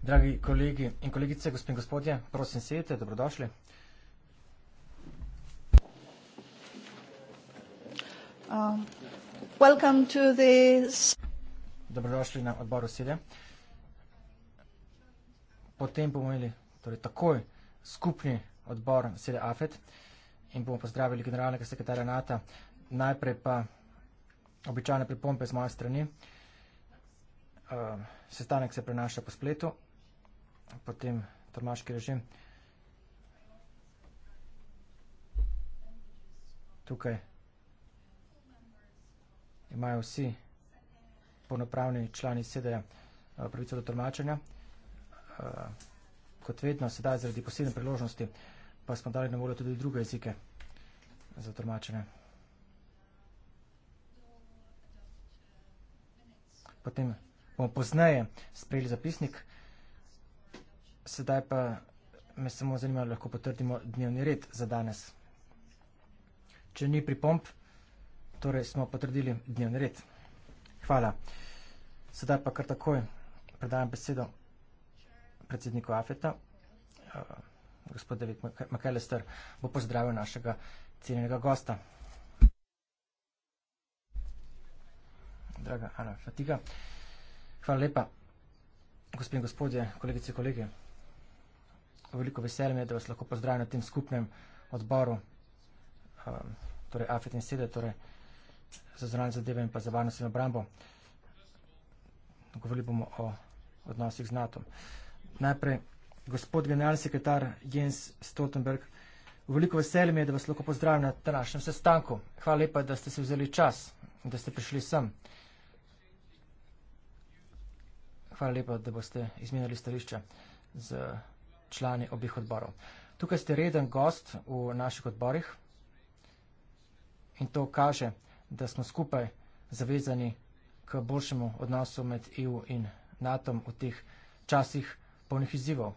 Dragi kolegi in kolegice, gospe in gospodje, prosim sedite, dobrodošli. Um, to the... Dobrodošli na odboru sedje. Potem bomo imeli torej, takoj skupni odbor sedje AFET in bomo pozdravili generalnega sekretarja NATO. Najprej pa običajne pripombe z moje strani. Uh, Ehm, sestanek se prenaša po spletu, potem tormaški režim. Tukaj imajo vsi ponopravni člani sedeja eh, pravico do tormačenja. Ehm, kot vedno, sedaj zaradi posebne priložnosti, pa smo dali na voljo tudi druge jezike za tormačenje. Potem bomo pozneje sprejeli zapisnik. Sedaj pa me samo zanima, lahko potrdimo dnevni red za danes. Če ni pripomp, torej smo potrdili dnevni red. Hvala. Sedaj pa kar takoj predajam besedo predsedniku Afeta. Eh, gospod David McAllister bo pozdravil našega cenjenega gosta. Draga Ana Fatiga. Hvala lepa, gospod in gospodje, kolegice in kolege. Veliko veselje mi je, da vas lahko pozdravim na tem skupnem odboru, um, torej AFIT in SEDE, torej za zranje zadeve in pa za varnost in obrambo. Govorili bomo o odnosih z NATO. Najprej, gospod generalni sekretar Jens Stoltenberg, veliko veselje mi je, da vas lahko pozdravim na današnjem sestanku. Hvala lepa, da ste se vzeli čas in da ste prišli sem. Hvala lepa, da boste izmenjali stališča z člani obih odborov. Tukaj ste reden gost v naših odborih in to kaže, da smo skupaj zavezani k boljšemu odnosu med EU in NATO v teh časih polnih izzivov.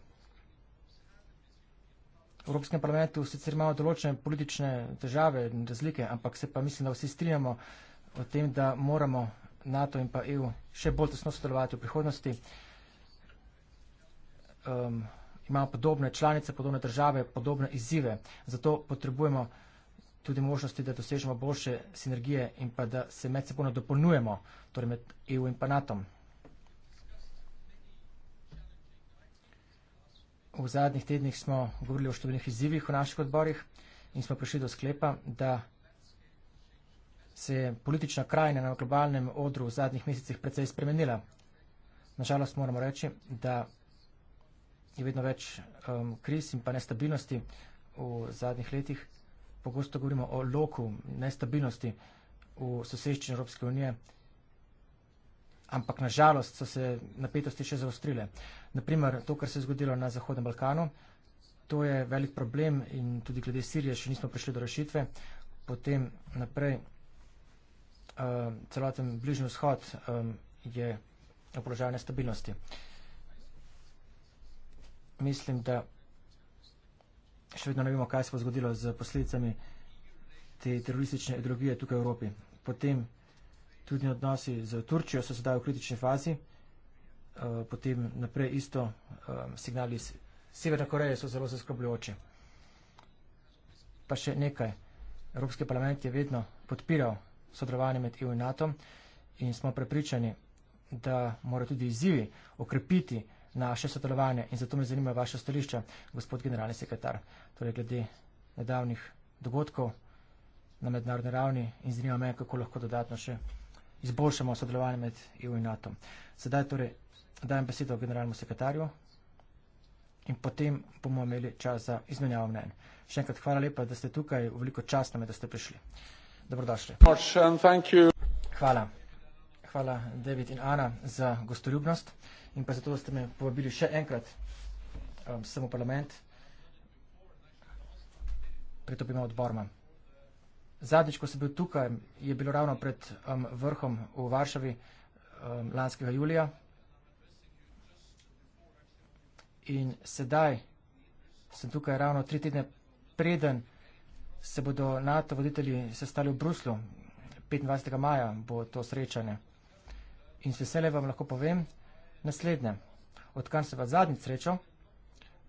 V Evropskem parlamentu sicer imamo določene politične države in razlike, ampak se pa mislim, da vsi strinjamo o tem, da moramo NATO in pa EU še bolj tesno sodelovati v prihodnosti. Um, imamo podobne članice, podobne države, podobne izzive. Zato potrebujemo tudi možnosti, da dosežemo boljše sinergije in pa da se med seboj dopolnjujemo, torej med EU in pa NATO. V zadnjih tednih smo govorili o številnih izzivih v naših odborih in smo prišli do sklepa, da se je politična krajina na globalnem odru v zadnjih mesecih precej spremenila. Nažalost moramo reči, da je vedno več um, kriz in pa nestabilnosti v zadnjih letih. Pogosto govorimo o loku nestabilnosti v soseščini Evropske unije, ampak nažalost so se napetosti še zaostrile. Naprimer, to, kar se je zgodilo na Zahodnem Balkanu, to je velik problem in tudi glede Sirije še nismo prišli do rešitve. Potem naprej uh, celoten bližnji vzhod um, je v položaju nestabilnosti. Mislim, da še vedno ne vemo, kaj se bo zgodilo z posledicami te teroristične ideologije tukaj v Evropi. Potem tudi odnosi z Turčijo so sedaj v kritični fazi, uh, potem naprej isto um, signali iz Severne Koreje so zelo zaskrbljujoči. Pa še nekaj. Evropski parlament je vedno podpiral sodelovanje med EU in NATO in smo prepričani, da mora tudi izzivi okrepiti naše sodelovanje in zato me zanima vaše stališče, gospod generalni sekretar, torej glede nedavnih dogodkov na mednarodni ravni in zanima me, kako lahko dodatno še izboljšamo sodelovanje med EU in NATO. Sedaj torej dajem besedo generalnemu sekretarju in potem bomo imeli čas za izmenjavo mnen. Še enkrat hvala lepa, da ste tukaj, veliko čas nam je, da ste prišli dobrodošli. Hvala. Hvala, David in Ana, za gostoljubnost in pa zato ste me povabili še enkrat um, sem v parlament. Pritopimo odborma. Zadnjič, ko sem bil tukaj, je bilo ravno pred um, vrhom v Varšavi um, lanskega julija. In sedaj sem tukaj ravno tri tedne preden se bodo NATO voditelji sestali v Bruslu. 25. maja bo to srečanje. In s veseljem vam lahko povem naslednje. Odkar se v zadnji srečo,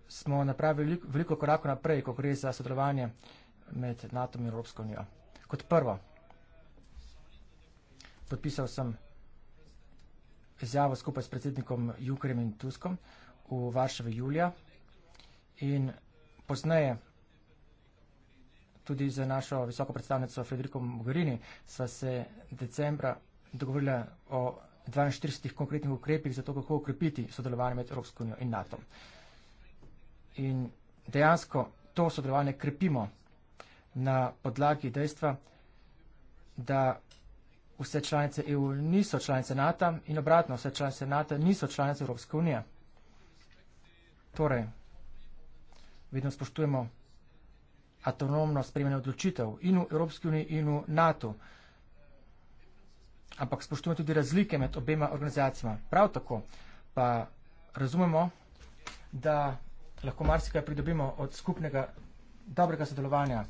smo napravili veliko korakov naprej, ko gre za sodelovanje med NATO in Evropsko unijo. Kot prvo, podpisal sem izjavo skupaj s predsednikom Junckerjem in Tuskom v Varšavi julija in poznaje tudi z našo visoko predstavnico Federico Mogherini sva se decembra dogovorila o 42 konkretnih ukrepih za to, kako ukrepiti sodelovanje med Evropsko unijo in NATO. In dejansko to sodelovanje krepimo na podlagi dejstva, da vse članice EU niso članice NATO in obratno, vse članice NATO niso članice Evropske unije. Torej, vedno spoštujemo avtonomno sprejmene odločitev in v Evropski uniji in v NATO. Ampak spoštujemo tudi razlike med obema organizacijama. Prav tako pa razumemo, da lahko marsikaj pridobimo od skupnega dobrega sodelovanja.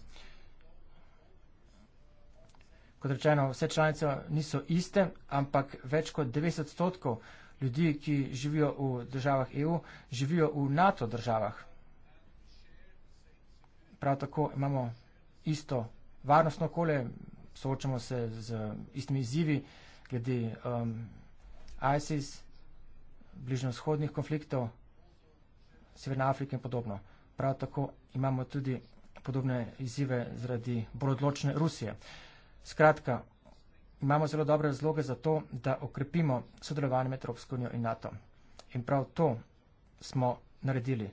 Kot rečeno, vse članice niso iste, ampak več kot 90 odstotkov ljudi, ki živijo v državah EU, živijo v NATO državah prav tako imamo isto varnostno okolje, soočamo se z istimi izzivi glede um, ISIS, bližnjo-shodnih konfliktov, Severna Afrika in podobno. Prav tako imamo tudi podobne izzive zaradi borodločne Rusije. Skratka, imamo zelo dobre razloge za to, da okrepimo sodelovanje med Evropsko unijo in NATO. In prav to smo naredili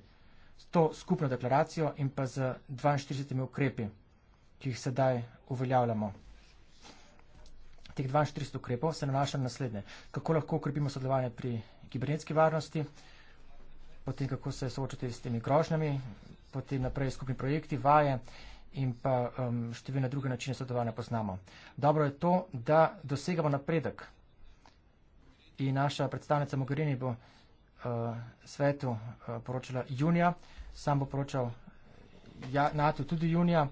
s to skupno deklaracijo in pa z 42 ukrepi, ki jih sedaj uveljavljamo. Teh 42 ukrepov se nanaša na naslednje. Kako lahko ukrepimo sodelovanje pri kibernetski varnosti, potem kako se soočati s temi grožnjami, potem naprej skupni projekti, vaje in pa um, številne druge načine sodelovanja poznamo. Dobro je to, da dosegamo napredek. In naša predstavnica Mogherini bo Eh, svetu eh, poročala junija, sam bo poročal ja, NATO tudi junija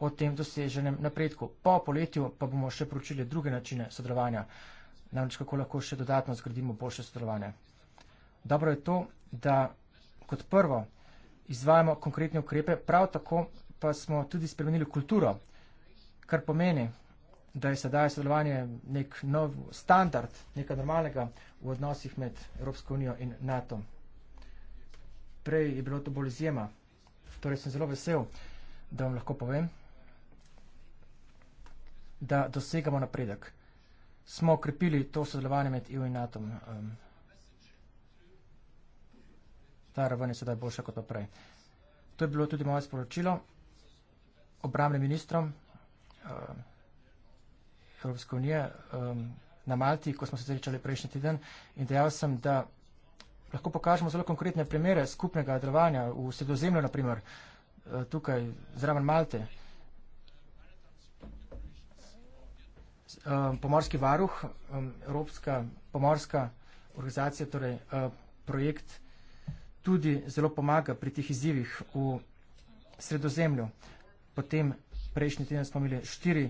o tem doseženem napredku. Po poletju pa bomo še poročili druge načine sodelovanja, namreč kako lahko še dodatno zgradimo boljše sodelovanje. Dobro je to, da kot prvo izvajamo konkretne ukrepe, prav tako pa smo tudi spremenili kulturo, kar pomeni, da je sedaj sodelovanje nek nov standard, nekaj normalnega v odnosih med Evropsko unijo in NATO. Prej je bilo to bolj izjema, torej sem zelo vesel, da vam lahko povem, da dosegamo napredek. Smo okrepili to sodelovanje med EU in NATO. Um, ta raven je sedaj boljša kot pa prej. To je bilo tudi moje sporočilo obramnim ministrom. Um, Evropske unije um, na Malti, ko smo se srečali prejšnji teden in dejal sem, da lahko pokažemo zelo konkretne primere skupnega delovanja v sredozemlju, naprimer uh, tukaj zraven Malte. Um, Pomorski varuh, um, Evropska pomorska organizacija, torej uh, projekt tudi zelo pomaga pri tih izzivih v sredozemlju. Potem prejšnji teden smo imeli štiri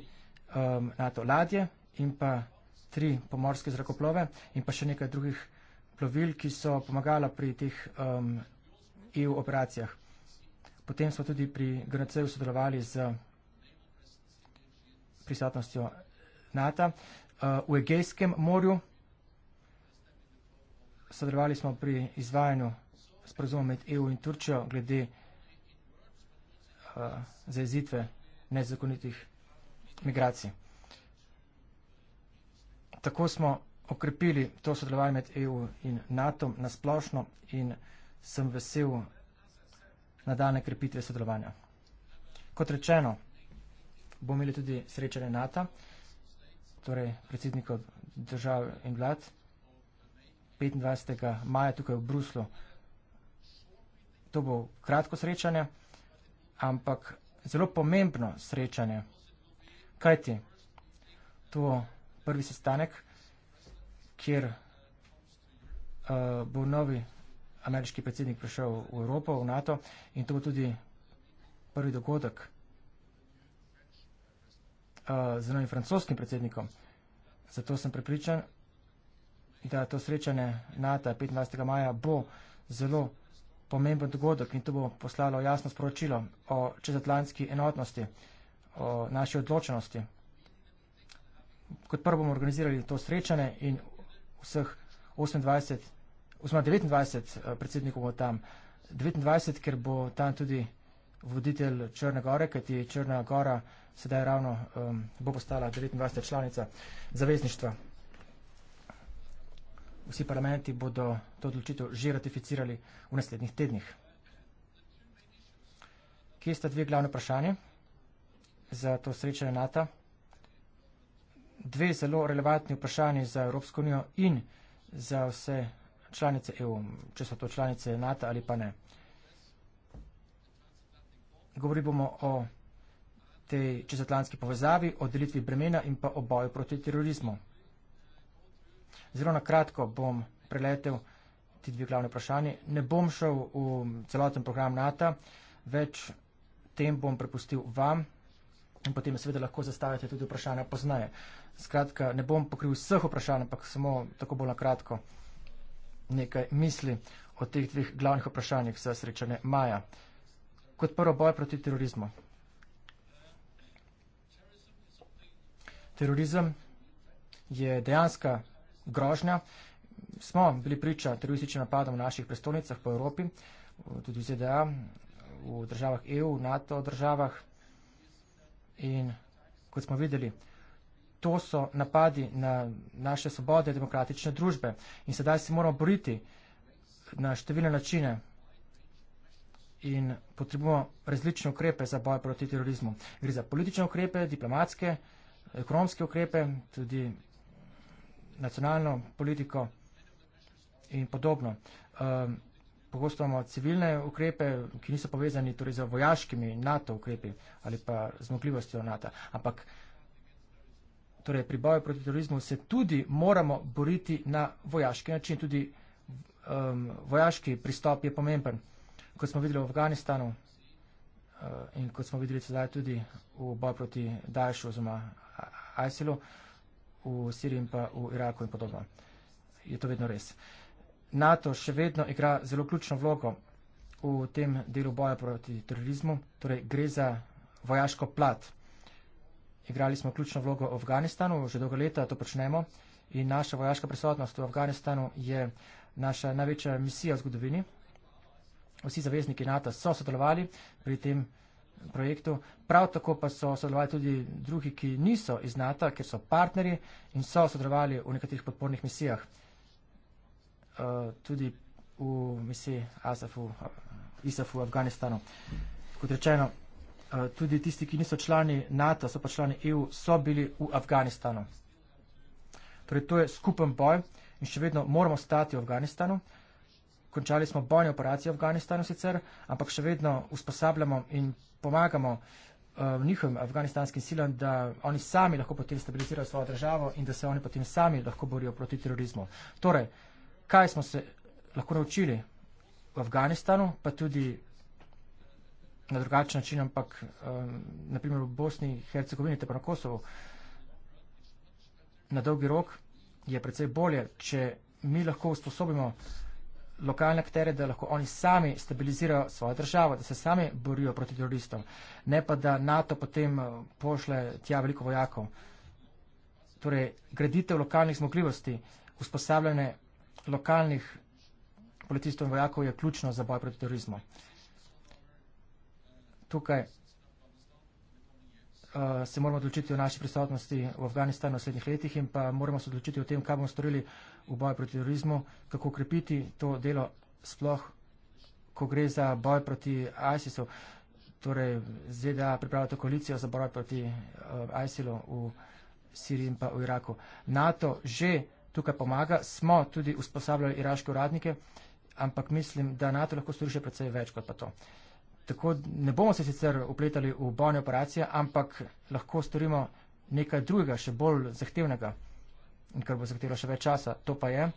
um, NATO ladje in pa tri pomorske zrakoplove in pa še nekaj drugih plovil, ki so pomagala pri teh um, EU operacijah. Potem smo tudi pri GNC-u sodelovali z prisotnostjo NATO uh, v Egejskem morju. Sodelovali smo pri izvajanju sporozuma med EU in Turčjo glede uh, zajezitve nezakonitih migracij. Tako smo okrepili to sodelovanje med EU in NATO na splošno in sem vesel nadaljne krepitve sodelovanja. Kot rečeno, bomo imeli tudi srečanje NATO, torej predsednikov držav in vlad, 25. maja tukaj v Bruslu. To bo kratko srečanje, ampak zelo pomembno srečanje. Kaj ti? To prvi sestanek, kjer uh, bo novi ameriški predsednik prišel v Evropo, v NATO in to bo tudi prvi dogodek uh, z novim francoskim predsednikom. Zato sem pripričan, da to srečanje NATO 25. maja bo zelo pomemben dogodek in to bo poslalo jasno sporočilo o čezatlantski enotnosti. Uh, o naši odločenosti. Kot prvo bomo organizirali to srečanje in vseh 28, oziroma 29 eh, predsednikov bo tam. 29, ker bo tam tudi voditelj Črne gore, kajti Črna gora sedaj ravno um, bo postala 29. članica zavezništva. Vsi parlamenti bodo to odločitev že ratificirali v naslednjih tednih. Kje sta dve glavne vprašanje? za to srečanje NATO. Dve zelo relevantni vprašanji za Evropsko unijo in za vse članice EU, če so to članice NATO ali pa ne. Govori bomo o tej čezatlantski povezavi, o delitvi bremena in pa o boju proti terorizmu. Zelo na kratko bom preletel ti dve glavne vprašanje. Ne bom šel v celoten program NATO, več tem bom prepustil vam, In potem seveda lahko zastavite tudi vprašanja poznaje. Skratka, ne bom pokril vseh vprašanj, ampak samo tako bolj nakratko nekaj misli o teh dveh glavnih vprašanjih za srečanje Maja. Kot prvo boj proti terorizmu. Terorizem je dejanska grožnja. Smo bili priča terorističnim napadom v naših prestolnicah po Evropi, tudi v ZDA, v državah EU, NATO državah. In kot smo videli, to so napadi na naše svobode, demokratične družbe. In sedaj se moramo boriti na številne načine in potrebujemo različne ukrepe za boj proti terorizmu. Gre za politične ukrepe, diplomatske, ekonomske ukrepe, tudi nacionalno politiko in podobno. Um, pogosto imamo civilne ukrepe, ki niso povezani torej z vojaškimi NATO ukrepi ali pa zmogljivostjo NATO. Ampak torej, pri boju proti terorizmu se tudi moramo boriti na vojaški način. Tudi um, vojaški pristop je pomemben. Kot smo videli v Afganistanu uh, in kot smo videli sedaj tudi v boju proti Daješu oziroma ISIL-u, v Siriji in pa v Iraku in podobno. Je to vedno res. Uh, NATO še vedno igra zelo ključno vlogo v tem delu boja proti terorizmu, torej gre za vojaško plat. Igrali smo ključno vlogo v Afganistanu, že dolgo leta to počnemo in naša vojaška prisotnost v Afganistanu je naša največja misija v zgodovini. Vsi zavezniki NATO so sodelovali pri tem projektu, prav tako pa so sodelovali tudi drugi, ki niso iz NATO, ker so partnerji in so sodelovali v nekaterih podpornih misijah. Eh, tudi v misiji ASAF-u, ISAF-u v Afganistanu. Kot rečeno, eh, tudi tisti, ki niso člani NATO, so pa člani EU, so bili v Afganistanu. Torej, to je skupen boj in še vedno moramo stati v Afganistanu. Končali smo bojne operacije v Afganistanu sicer, ampak še vedno usposabljamo in pomagamo eh, njihovim afganistanskim silam, da oni sami lahko potem stabilizirajo svojo državo in da se oni potem sami lahko borijo proti terorizmu. Torej, kaj smo se lahko naučili v Afganistanu, pa tudi na drugačen način, ampak um, ehm, naprimer v Bosni, Hercegovini, te pa na Kosovo, na dolgi rok je predvsej bolje, če mi lahko usposobimo lokalne aktere, da lahko oni sami stabilizirajo svojo državo, da se sami borijo proti teroristom, ne pa da NATO potem eh, pošle tja veliko vojakov. Torej, graditev lokalnih zmogljivosti, usposabljanje lokalnih policistov in vojakov je ključno za boj proti terorizmu. Tukaj uh, se moramo odločiti o naši prisotnosti v Afganistanu v naslednjih letih in pa moramo se odločiti o tem, kaj bomo storili v boju proti terorizmu, kako ukrepiti to delo sploh, ko gre za boj proti ISIS-u. Torej, ZDA pripravlja to koalicijo za boj proti uh, ISIL-u v Siriji in pa v Iraku. NATO že tukaj pomaga. Smo tudi usposabljali iraške uradnike, ampak mislim, da NATO lahko stori še predvsej več kot pa to. Tako ne bomo se sicer upletali v bojne operacije, ampak lahko storimo nekaj drugega, še bolj zahtevnega, kar bo zahtevalo še več časa. To pa je,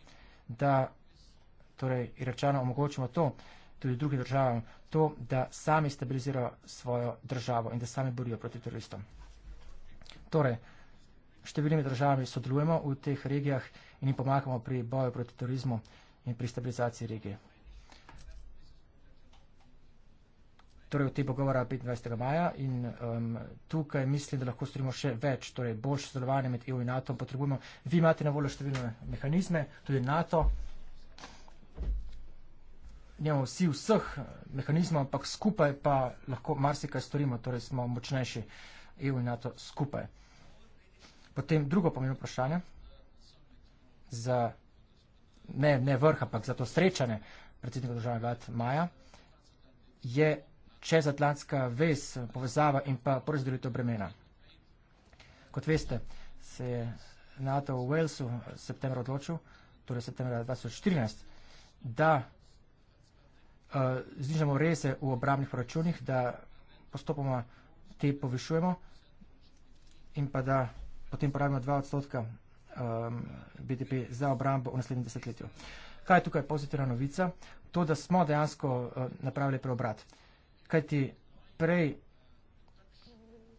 da torej, Iračano omogočimo to, tudi drugim državam, to, da sami stabilizirajo svojo državo in da sami borijo proti teroristom. Torej, številnimi državami sodelujemo v teh regijah in jim pomagamo pri boju proti turizmu in pri stabilizaciji regije. Torej, v tej pogovora 25. maja in um, tukaj mislim, da lahko storimo še več, torej boljše sodelovanje med EU in NATO potrebujemo. Vi imate na voljo številne mehanizme, tudi NATO. Nemamo vsi vseh eh, mehanizmov, ampak skupaj pa lahko marsikaj storimo, torej smo močnejši EU in NATO skupaj. Potem drugo pomembno vprašanje z, ne, ne vrh, ampak za to srečanje predsednika državnega vlad Maja, je čezatlantska vez, povezava in pa porazdelitev bremena. Kot veste, se je NATO v Walesu v septembra odločil, torej septembra 2014, da uh, znižamo reze v obramnih proračunih, da postopoma te povišujemo in pa da potem porabimo 2 odstotka um, BDP za obrambo v naslednjem desetletju. Kaj je tukaj pozitivna novica? To, da smo dejansko uh, napravili preobrat. Kajti prej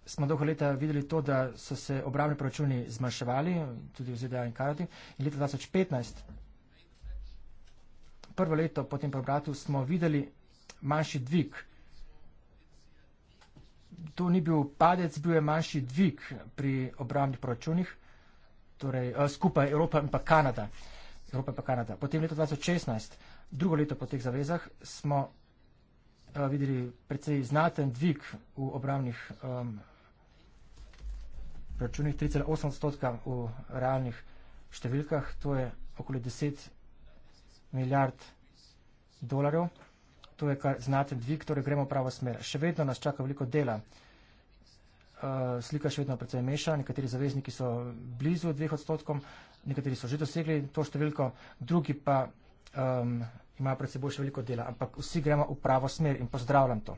smo dolgo leta videli to, da so se obrambni proračuni zmanjševali, tudi v ZDA in Kanadi, in leta 2015, prvo leto po tem preobratu, smo videli manjši dvig. To ni bil padec, bil je manjši dvig pri obrambnih proračunih torej, eh, skupaj Evropa in pa Kanada. Evropa in pa Kanada. Potem leta 2016, drugo leto po teh zavezah, smo eh, videli precej znaten dvig v obravnih um, računih, 3,8 odstotka v realnih številkah, to je okoli 10 milijard dolarjev. To je kar znaten dvig, torej gremo v pravo smer. Še vedno nas čaka veliko dela. Eh, slika še vedno predvsej meša, nekateri zavezniki so blizu dveh odstotkom, nekateri so že dosegli to številko, drugi pa um, imajo predvsej boljše veliko dela, ampak vsi gremo v pravo smer in pozdravljam to.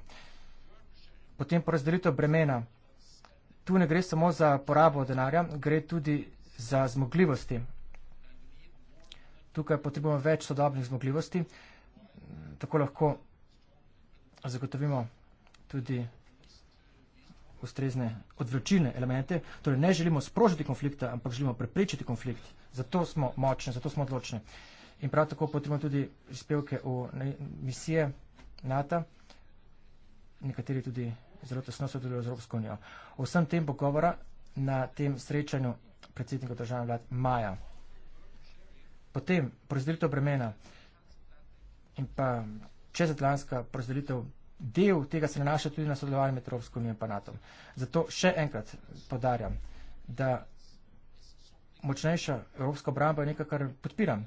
Potem porazdelitev bremena. Tu ne gre samo za porabo denarja, gre tudi za zmogljivosti. Tukaj potrebujemo več sodobnih zmogljivosti, tako lahko zagotovimo tudi ustrezne odvračilne elemente, torej ne želimo sprožiti konflikta, ampak želimo preprečiti konflikt. Zato smo močni, zato smo odločni. In prav tako potrebujemo tudi prispevke v ne, misije NATO, nekateri tudi zelo tesno sodelujejo z Evropsko unijo. O vsem tem bo govora na tem srečanju predsednika državne vlade maja. Potem porazdelitev bremena in pa čezatlanska porazdelitev del tega se nanaša tudi na sodelovanje med Evropsko unijo in pa NATO. Zato še enkrat podarjam, da močnejša evropska obramba je nekaj, kar podpiram.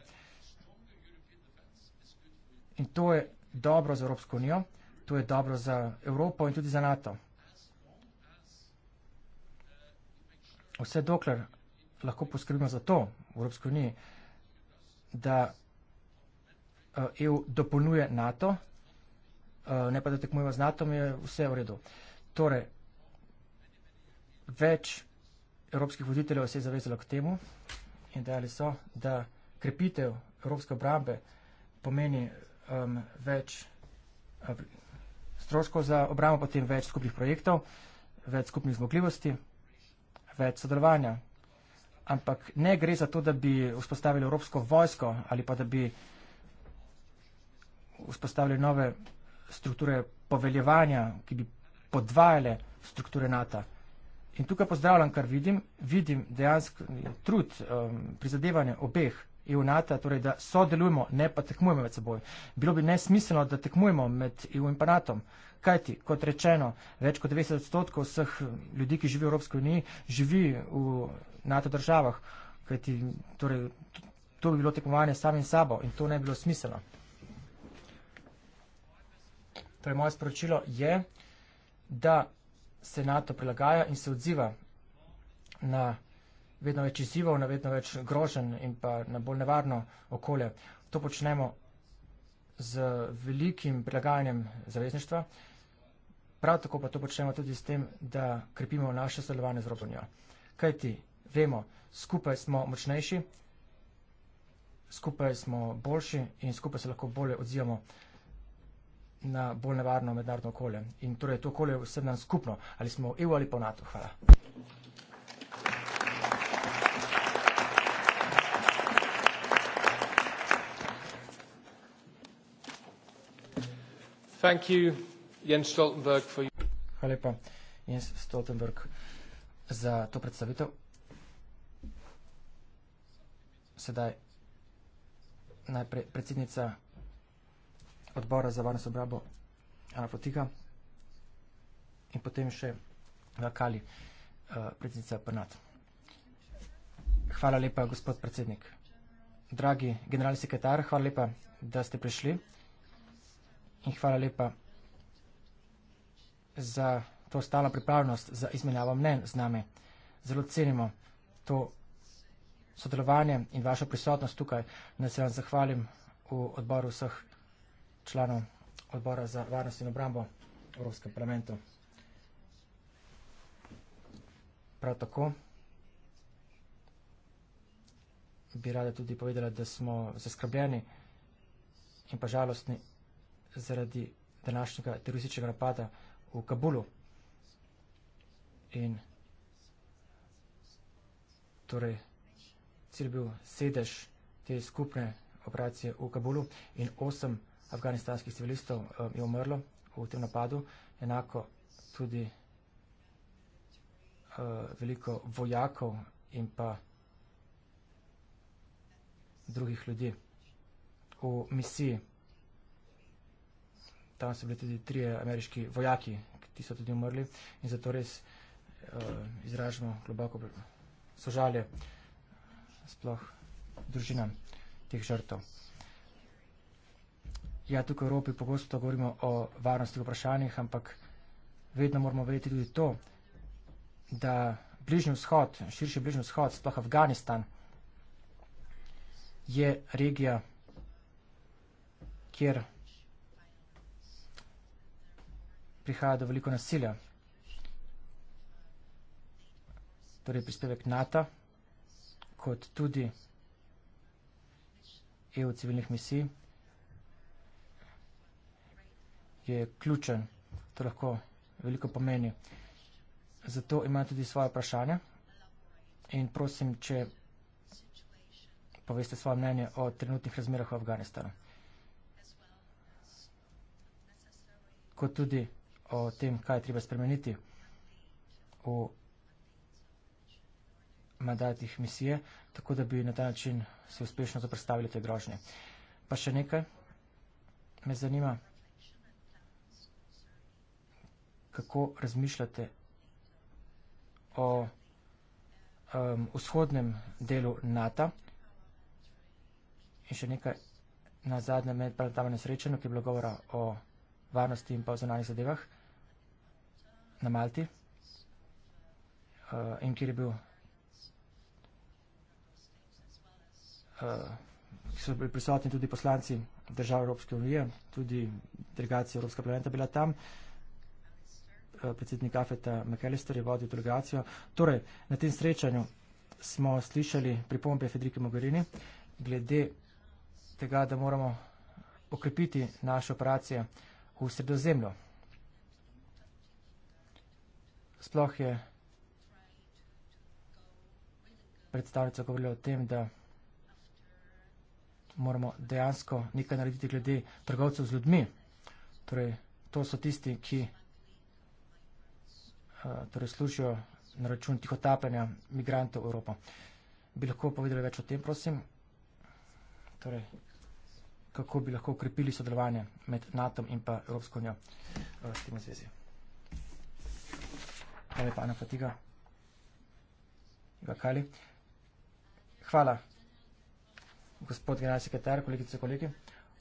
In to je dobro za Evropsko unijo, to je dobro za Evropo in tudi za NATO. Vse dokler lahko poskrbimo za to v Evropsko uniji, da eh, EU dopolnjuje NATO, uh, ne pa da tekmujeva z NATO, je vse v redu. Torej, več evropskih voditeljev se je zavezalo k temu in dejali so, da krepitev evropske obrambe pomeni um, več uh, stroškov za obrambo, potem več skupnih projektov, več skupnih zmogljivosti, več sodelovanja. Ampak ne gre za to, da bi vzpostavili evropsko vojsko ali pa da bi vzpostavili nove strukture poveljevanja, ki bi podvajale strukture NATO. In tukaj pozdravljam, kar vidim, vidim dejansko eh, trud, um, eh, prizadevanje obeh EU-NATO, torej da sodelujemo, ne pa tekmujemo med seboj. Bilo bi nesmiselno, da tekmujemo med EU in pa NATO. Kajti, kot rečeno, več kot 90 odstotkov vseh eh, ljudi, ki živijo v Evropski uniji, živi v NATO državah. Kajti, torej, to bi bilo tekmovanje samim sabo in to ne bi bilo smiselno. Torej, moje sporočilo je, da se NATO prilagaja in se odziva na vedno več izzivov, na vedno več grožen in pa na bolj nevarno okolje. To počnemo z velikim prilagajanjem zavezništva, prav tako pa to počnemo tudi s tem, da krepimo naše sodelovanje z Evropsko unijo. Kaj ti vemo, skupaj smo močnejši, skupaj smo boljši in skupaj se lahko bolje odzivamo na bolj nevarno mednarodno okolje. In torej to okolje je vsem nam skupno, ali smo v EU ali pa v NATO. Hvala. Thank you, Jens Stoltenberg, for Hvala lepa, Jens Stoltenberg, za to predstavitev. Sedaj najprej predsednica odbora za varnost obrabo Anafotika in potem še Kali, eh, predsednica Pernat. Hvala lepa, gospod predsednik. Dragi generalni sekretar, hvala lepa, da ste prišli in hvala lepa za to stalno pripravljenost za izmenjavo mnen z nami. Zelo cenimo to sodelovanje in vašo prisotnost tukaj. Naj se vam zahvalim v odboru vseh članov odbora za varnost in obrambo v Evropskem parlamentu. Prav tako bi rada tudi povedala, da smo zaskrbljeni in pa žalostni zaradi današnjega terorističnega napada v Kabulu. In torej cilj bil sedež te skupne operacije v Kabulu in osem afganistanskih civilistov um, je umrlo v tem napadu, enako tudi uh, veliko vojakov in pa drugih ljudi v misiji. Tam so bili tudi trije ameriški vojaki, ki so tudi umrli in zato res uh, izražimo globoko sožalje sploh družinam teh žrtov ja, tukaj v Evropi pogosto govorimo o varnostih vprašanjih, ampak vedno moramo vedeti tudi to, da bližnji vzhod, širši bližnji vzhod, sploh Afganistan, je regija, kjer prihaja do veliko nasilja. Torej prispevek NATO, kot tudi EU civilnih misij, je ključen, to lahko veliko pomeni. Zato ima tudi svoje vprašanja in prosim, če poveste svoje mnenje o trenutnih razmerah v Afganistanu. Kot tudi o tem, kaj je treba spremeniti v mandatih misije, tako da bi na ta način se uspešno zaprstavili te grožnje. Pa še nekaj me zanima, kako razmišljate o um, vzhodnem delu NATO. In še nekaj na zadnje medparlamentarno srečanje, ki je bilo govora o varnosti in pa o zonalnih zadevah na Malti uh, in kjer je bil. Uh, so bili prisotni tudi poslanci držav Evropske unije, tudi delegacija Evropske parlamenta bila tam. Uh, Eh, predsednik Afeta McAllister je vodil delegacijo. Torej, na tem srečanju smo slišali pripombe Federike Mogherini glede tega, da moramo okrepiti naše operacije v sredozemlju. Sploh je predstavnica govorila o tem, da moramo dejansko nekaj narediti glede trgovcev z ljudmi. Torej, to so tisti, ki Eh, torej služijo na račun tihotapenja migrantov v Evropo. Bi lahko povedali več o tem, prosim? Torej, kako bi lahko ukrepili sodelovanje med NATO in pa Evropsko unijo eh, s tem zvezi? Hvala lepa, Ana Fatiga. Gakali. Hvala, gospod generalni sekretar, kolegice in kolegi,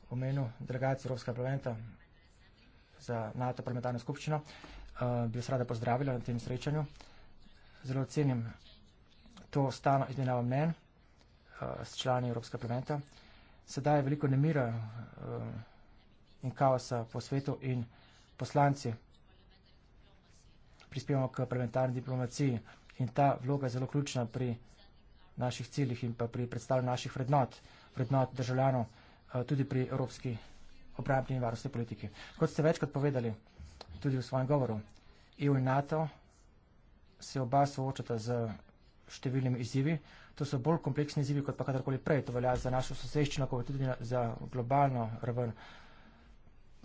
v imenu delegacije Evropskega parlamenta za NATO parlamentarno skupščino uh, bi vas rada pozdravila na tem srečanju. Zelo ocenim to stano izmenjavo mnen uh, s člani Evropskega parlamenta. Sedaj je veliko nemira uh, in kaosa po svetu in poslanci prispevamo k parlamentarni diplomaciji in ta vloga je zelo ključna pri naših ciljih in pa pri predstavljanju naših vrednot, vrednot državljanov, uh, tudi pri evropski obrambni in varnostni politiki. Kot ste večkrat povedali, tudi v svojem govoru. EU in NATO se oba soočata z številnimi izzivi. To so bolj kompleksni izzivi kot pa kadarkoli prej. To velja za našo soseščino, kot tudi za globalno raven.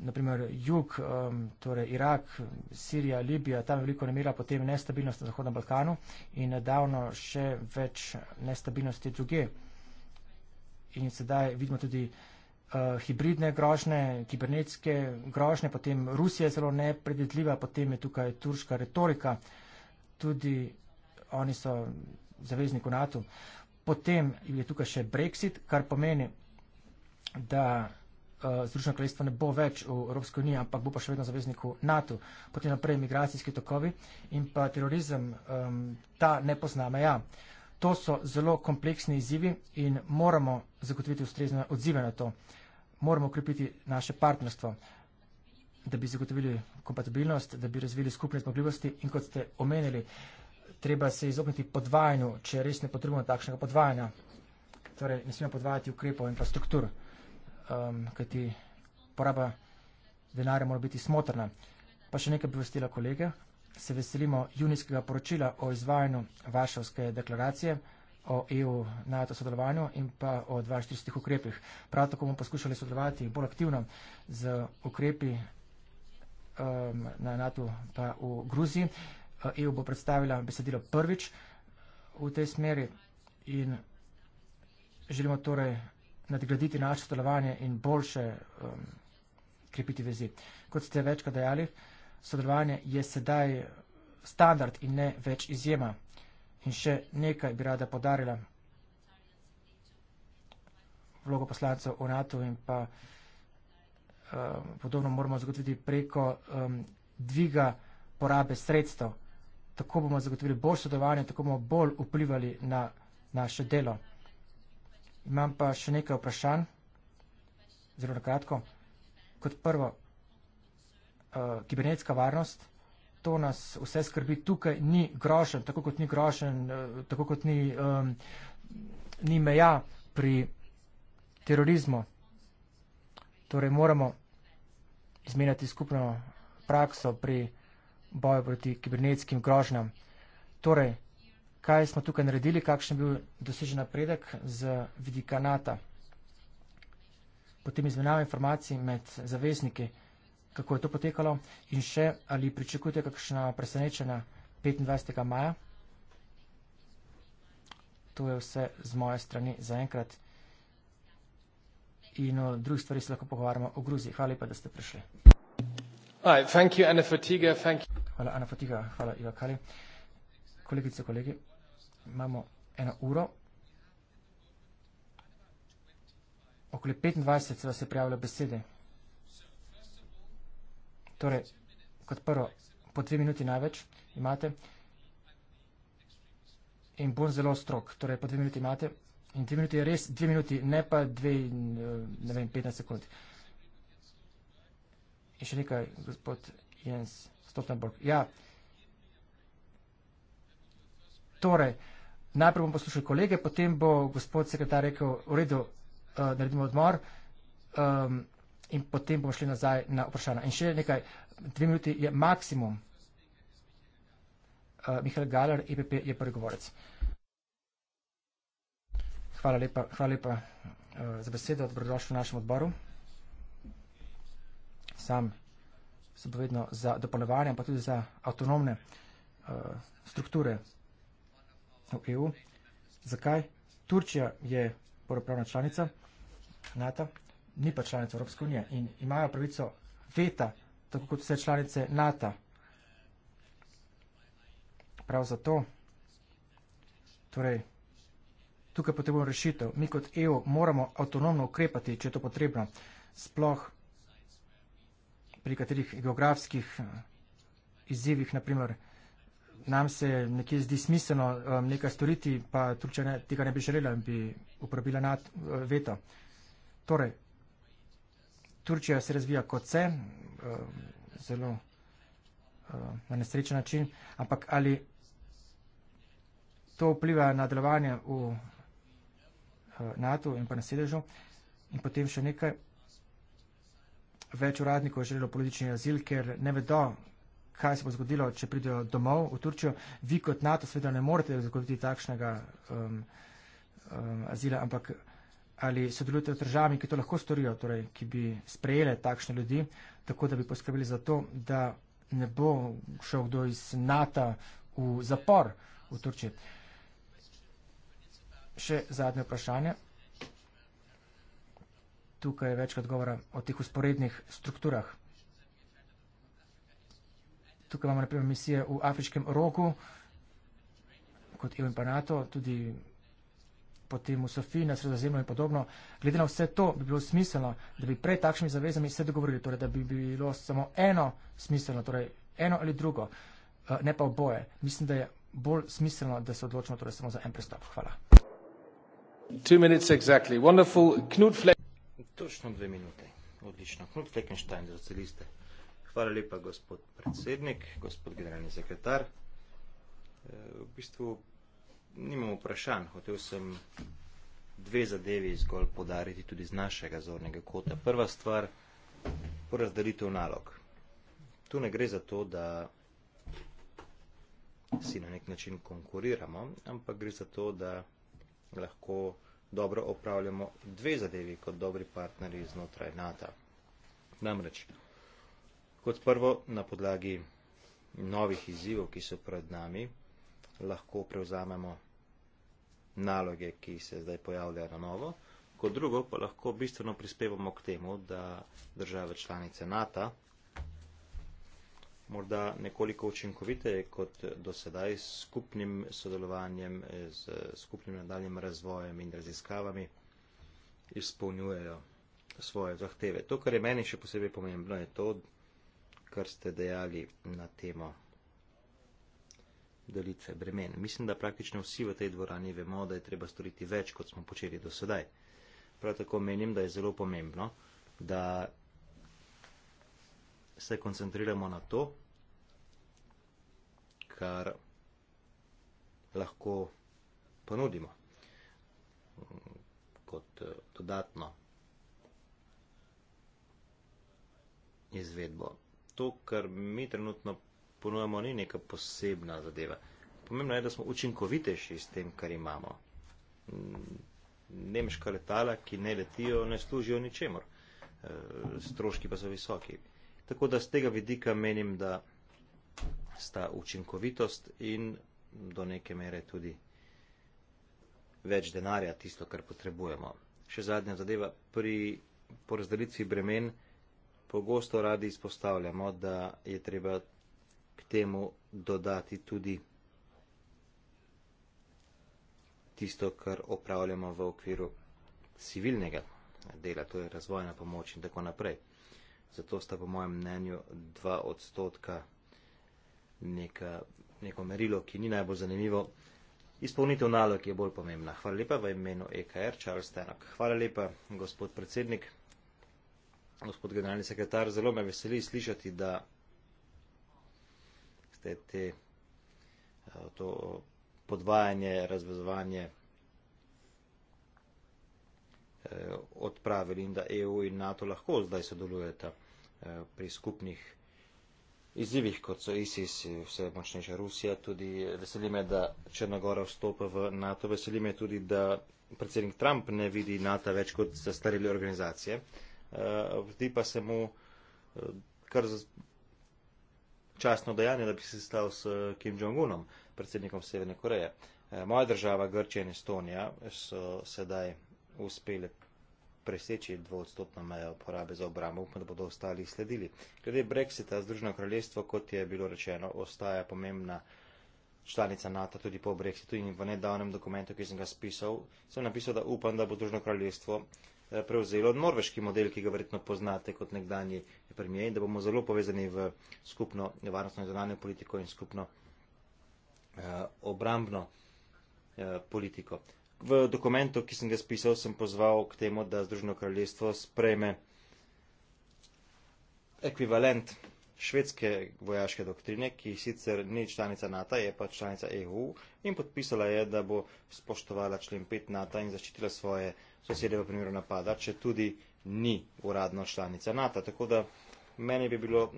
Naprimer, jug, um, torej Irak, Sirija, Libija, tam je veliko nemira, potem nestabilnost na Zahodnem Balkanu in nedavno še več nestabilnosti druge. In sedaj vidimo tudi Eh, hibridne grožnje, kibernetske grožnje, potem Rusija je zelo nepredvidljiva, potem je tukaj turška retorika, tudi oni so zavezniku NATO. Potem je tukaj še Brexit, kar pomeni, da uh, Združeno kraljestvo ne bo več v Evropski uniji, ampak bo pa še vedno zavezniku NATO. Potem naprej migracijski tokovi in pa terorizem, um, ta ne pozna meja. To so zelo kompleksni izzivi in moramo zagotoviti ustrezne odzive na to. Uh, moramo ukrepiti naše partnerstvo, da bi zagotovili kompatibilnost, da bi razvili skupne zmogljivosti in kot ste omenili, treba se izogniti podvajanju, če res ne potrebujemo takšnega podvajanja. Torej, ne smemo podvajati ukrepov infrastruktur, um, kajti poraba denarja mora biti smotrna. Pa še nekaj bi vestila kolege. Se veselimo junijskega poročila o izvajanju vaševske deklaracije o EU-NATO sodelovanju in pa o 240 ukrepih. Prav tako bomo poskušali sodelovati bolj aktivno z ukrepi um, na NATO pa v Gruziji. EU bo predstavila besedilo prvič v tej smeri in želimo torej nadgraditi naše sodelovanje in boljše um, krepiti vezi. Kot ste večkrat dejali, sodelovanje je sedaj standard in ne več izjema. In še nekaj bi rada podarila. Vlogo poslancev v NATO in pa um, podobno moramo zagotoviti preko um, dviga porabe sredstev. Tako bomo zagotovili bolj sodelovanje, tako bomo bolj vplivali na naše delo. Imam pa še nekaj vprašanj, zelo na kratko. Kot prvo, uh, kibernetska varnost to nas vse skrbi, tukaj ni grošen, tako kot ni grošen, eh, tako kot ni, um, ni meja pri terorizmu. Torej moramo izmenjati skupno prakso pri boju proti kibernetskim grožnjam. Torej, kaj smo tukaj naredili, kakšen je bil dosežen napredek z vidika NATO. Potem izmenjava informacij med zavezniki kako je to potekalo in še ali pričakujete kakšna presenečenja 25. maja. To je vse z moje strani zaenkrat. In o drugih stvari se lahko pogovarjamo o Gruziji. Hvala lepa, da ste prišli. Hvala, Ana Fatiga. Hvala, Iva Kali. Kolegice, kolegi, imamo eno uro. Okoli 25 se vas je prijavilo besede. Torej, kot prvo, po dve minuti največ imate in bom zelo strok. Torej, po dve minuti imate in dve minuti je res dve minuti, ne pa dve, ne vem, 15 sekund. In še nekaj, gospod Jens Stoltenborg. Ja, torej, najprej bom poslušal kolege, potem bo gospod sekretar rekel, v redu, uh, naredimo odmor. Um, in potem bomo šli nazaj na vprašanje. In še nekaj, dve minuti je maksimum. Uh, Mihael Galer, EPP, je prvi govorec. Hvala lepa, hvala lepa uh, za besedo, dobrodošli v našem odboru. Sam sem povedno za dopolnevanje, pa tudi za avtonomne uh, strukture v EU. Zakaj? Turčija je poropravna članica NATO ni pa članica Evropske unije in imajo pravico veta, tako kot vse članice NATO. Prav zato, torej, tukaj potrebujemo rešitev. Mi kot EU moramo avtonomno ukrepati, če je to potrebno, sploh pri katerih geografskih eh, izzivih, naprimer, nam se nekje zdi smiselno eh, nekaj storiti, pa Turčja tega ne bi želela in bi uporabila nad eh, veto. Torej, Turčija se razvija kot se, eh, zelo eh, na nesrečen način, ampak ali to vpliva na delovanje v eh, NATO in pa na sedežu in potem še nekaj. Več uradnikov je želelo politični azil, ker ne vedo, kaj se bo zgodilo, če pridejo domov v Turčijo. Vi kot NATO seveda ne morete zagotoviti takšnega um, um, azila, ampak ali sodelujete z državami, ki to lahko storijo, torej, ki bi sprejele takšne ljudi, tako da bi poskrbeli za to, da ne bo šel kdo iz NATO v zapor v Turčiji. Še zadnje vprašanje. Tukaj je večkrat govora o teh usporednih strukturah. Tukaj imamo naprimer misije v Afriškem rogu, kot EU in pa NATO, tudi potem v Sofiji, na sredozemlju in podobno. Glede na vse to, bi bilo smiselno, da bi pred takšnimi zavezami se dogovorili, torej, da bi bilo samo eno smiselno, torej eno ali drugo, eh, ne pa oboje. Mislim, da je bolj smiselno, da se odločimo torej, samo za en pristop. Hvala. Exactly. Točno dve minute. Odlično. Knut Fleckenstein, socialiste. Hvala lepa, gospod predsednik, gospod generalni sekretar. Eh, v bistvu nimam vprašanj. Hotev sem dve zadevi zgolj podariti tudi z našega zornega kota. Prva stvar, porazdelitev nalog. Tu ne gre za to, da si na nek način konkuriramo, ampak gre za to, da lahko dobro opravljamo dve zadevi kot dobri partneri znotraj NATO. Namreč, kot prvo, na podlagi novih izzivov, ki so pred nami, lahko prevzamemo naloge, ki se zdaj pojavljajo na novo, kot drugo pa lahko bistveno prispevamo k temu, da države članice NATO morda nekoliko učinkoviteje kot dosedaj s skupnim sodelovanjem, s skupnim nadaljem razvojem in raziskavami izpolnjujejo svoje zahteve. To, kar je meni še posebej pomembno, je to, kar ste dejali na temo delitve bremen. Mislim, da praktično vsi v tej dvorani vemo, da je treba storiti več, kot smo počeli do sedaj. Prav tako menim, da je zelo pomembno, da se koncentriramo na to, kar lahko ponudimo kot eh, dodatno izvedbo. To, kar mi trenutno ponujamo, ni neka posebna zadeva. Pomembno je, da smo učinkovitejši s tem, kar imamo. Nemška letala, ki ne letijo, ne služijo ničemor. E, stroški pa so visoki. Tako da z tega vidika menim, da sta učinkovitost in do neke mere tudi več denarja tisto, kar potrebujemo. Še zadnja zadeva. Pri porazdelitvi bremen pogosto radi izpostavljamo, da je treba k temu dodati tudi tisto, kar opravljamo v okviru civilnega dela, to je razvojna pomoč in tako naprej. Zato sta po mojem mnenju dva odstotka neka, neko merilo, ki ni najbolj zanimivo. Izpolnitev nalog je bolj pomembna. Hvala lepa v imenu EKR, Charles Stenok. Hvala lepa, gospod predsednik, gospod generalni sekretar. Zelo me veseli slišati, da te, te eh, to podvajanje, razvezovanje eh, odpravili in da EU in NATO lahko zdaj sodelujeta eh, pri skupnih izzivih, kot so ISIS, vse močnejša Rusija, tudi veseli me, da Črnagora vstopa v NATO, veseli me tudi, da predsednik Trump ne vidi NATO več kot zastarili organizacije. Zdi pa se mu kar časno dejanje, da bi se stal s Kim Jong-unom, predsednikom Severne Koreje. Eh, moja država, Grčija in Estonija, so sedaj uspele preseči dvodstotno mejo porabe za obrambo, upam, da bodo ostali sledili. Glede Brexita, Združeno kraljestvo, kot je bilo rečeno, ostaja pomembna članica NATO tudi po Brexitu in v nedavnem dokumentu, ki sem ga spisal, sem napisal, da upam, da bo Združeno kraljestvo Eh, prevzelo norveški model, ki ga verjetno poznate kot nekdani premijer in da bomo zelo povezani v skupno varnostno in zonanje politiko in skupno eh, obrambno eh, politiko. V dokumentu, ki sem ga spisal, sem pozval k temu, da Združeno kraljestvo sprejme ekvivalent švedske vojaške doktrine, ki sicer ni članica NATO, je pa članica EU in podpisala je, da bo spoštovala člen 5 NATO in zaščitila svoje sosede v primeru napada, če tudi ni uradno članica NATO. Tako da meni bi bilo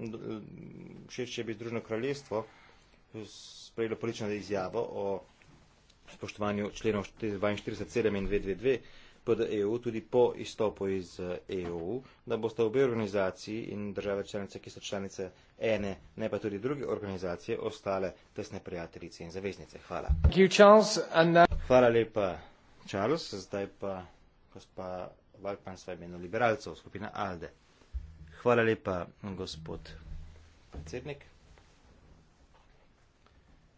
všeč, če bi Združeno kraljestvo sprejelo politično izjavo o spoštovanju členov 247 in 222 pod EU tudi po izstopu iz EU, eh, e da boste obe organizaciji in države članice, ki so članice ene, ne pa tudi druge organizacije, ostale tesne prijateljice in zaveznice. Hvala. Hvala lepa, Charles. Zdaj pa gospa Valkmans v imenu liberalcev, skupina Alde. Hvala lepa, gospod predsednik.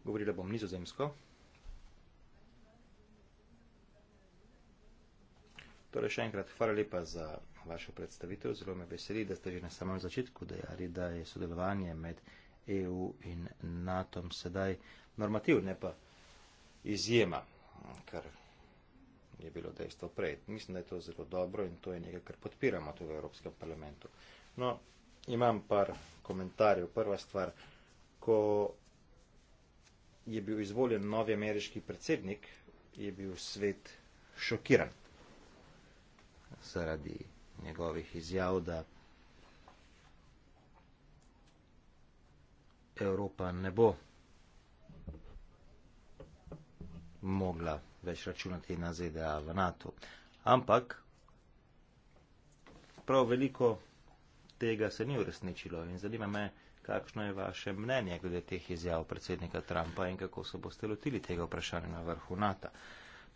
Govorila bom nizozemsko. Torej še enkrat hvala lepa za vašo predstavitev. Zelo me veseli, da ste že na samem začetku dejali, da je sodelovanje med EU in NATO sedaj normativ, ne pa izjema. Kar je bilo dejstvo prej. Mislim, da je to zelo dobro in to je nekaj, kar podpiramo tudi v Evropskem parlamentu. No, imam par komentarjev. Prva stvar, ko je bil izvoljen novi ameriški predsednik, je bil svet šokiran zaradi njegovih izjav, da Evropa ne bo mogla več računati na ZDA v NATO. Ampak prav veliko tega se ni uresničilo in zanima me, kakšno je vaše mnenje glede teh izjav predsednika Trumpa in kako se boste lotili tega vprašanja na vrhu NATO.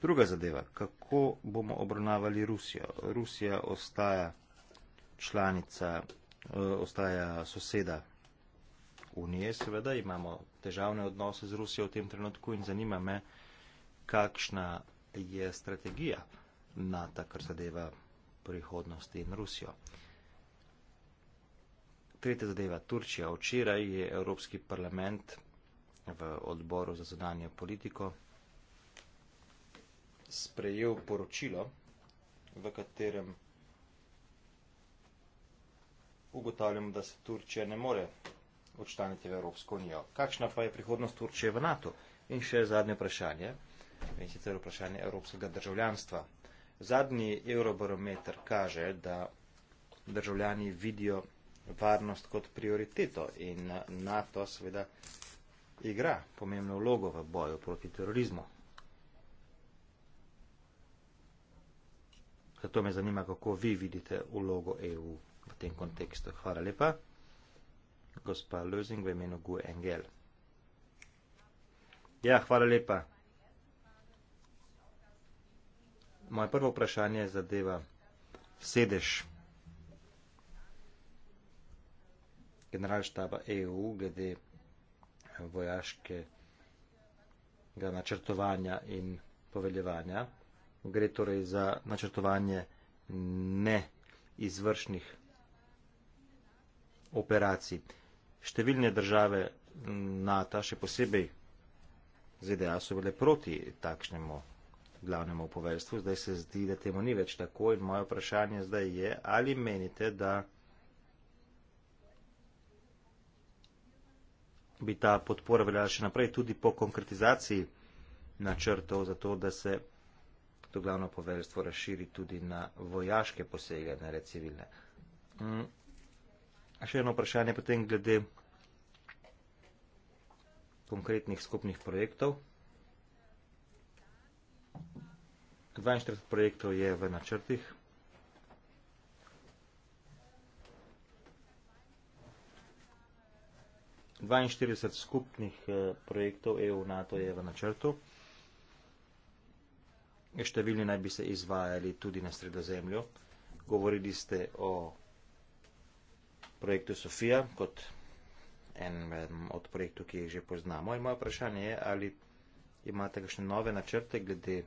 Druga zadeva, kako bomo obravnavali Rusijo. Rusija ostaja članica, eh, ostaja soseda Unije, seveda imamo težavne odnose z Rusijo v tem trenutku in zanima me, kakšna je strategija NATO, kar zadeva prihodnost in Rusijo. Tretja zadeva Turčija. Včeraj je Evropski parlament v odboru za zadanje politiko sprejel poročilo, v katerem ugotavljamo, da se Turčija ne more odštaniti v Evropsko unijo. Kakšna pa je prihodnost Turčije v NATO? In še zadnje vprašanje in sicer vprašanje evropskega državljanstva. Zadnji eurobarometer kaže, da državljani vidijo varnost kot prioriteto in NATO seveda igra pomembno vlogo v boju proti terorizmu. Zato me zanima, kako vi vidite vlogo EU v tem kontekstu. Hvala lepa. Gospa Lozing v imenu Gu Engel. Ja, hvala lepa. Moje prvo vprašanje zadeva sedež generalštaba EU glede vojaškega načrtovanja in poveljevanja. Gre torej za načrtovanje neizvršnih operacij. Številne države NATO, še posebej ZDA, so bile proti takšnemu glavnemu poveljstvu. Zdaj se zdi, da temu ni več tako in moje vprašanje zdaj je, ali menite, da bi ta podpora veljala še naprej tudi po konkretizaciji načrtov za to, da se to glavno poveljstvo razširi tudi na vojaške posege, ne le civilne. Mm. Še eno vprašanje potem glede konkretnih skupnih projektov. 42 projektov je v načrtih. dvainštirideset skupnih eh, projektov EU NATO je v načrtu. Številni naj bi se izvajali tudi na sredozemlju. Govorili ste o projektu Sofija kot enem od projektov, ki jih že poznamo. In moje vprašanje je, ali imate kakšne nove načrte glede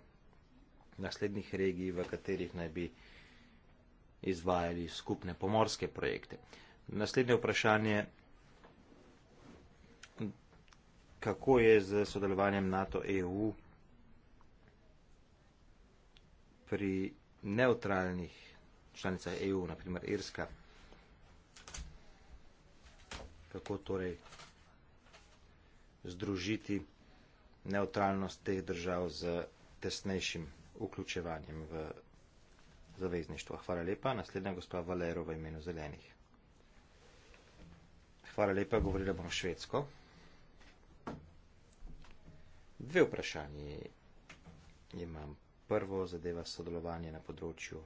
naslednjih regij, v katerih naj bi izvajali skupne pomorske projekte. Naslednje vprašanje, kako je z sodelovanjem NATO-EU pri neutralnih članicah EU, naprimer Irska, kako torej združiti neutralnost teh držav z tesnejšim vključevanjem v zavezništvo. Hvala lepa. Naslednja gospa Valero v imenu zelenih. Hvala lepa, govorila bom švedsko. Dve vprašanji imam. Prvo zadeva sodelovanje na področju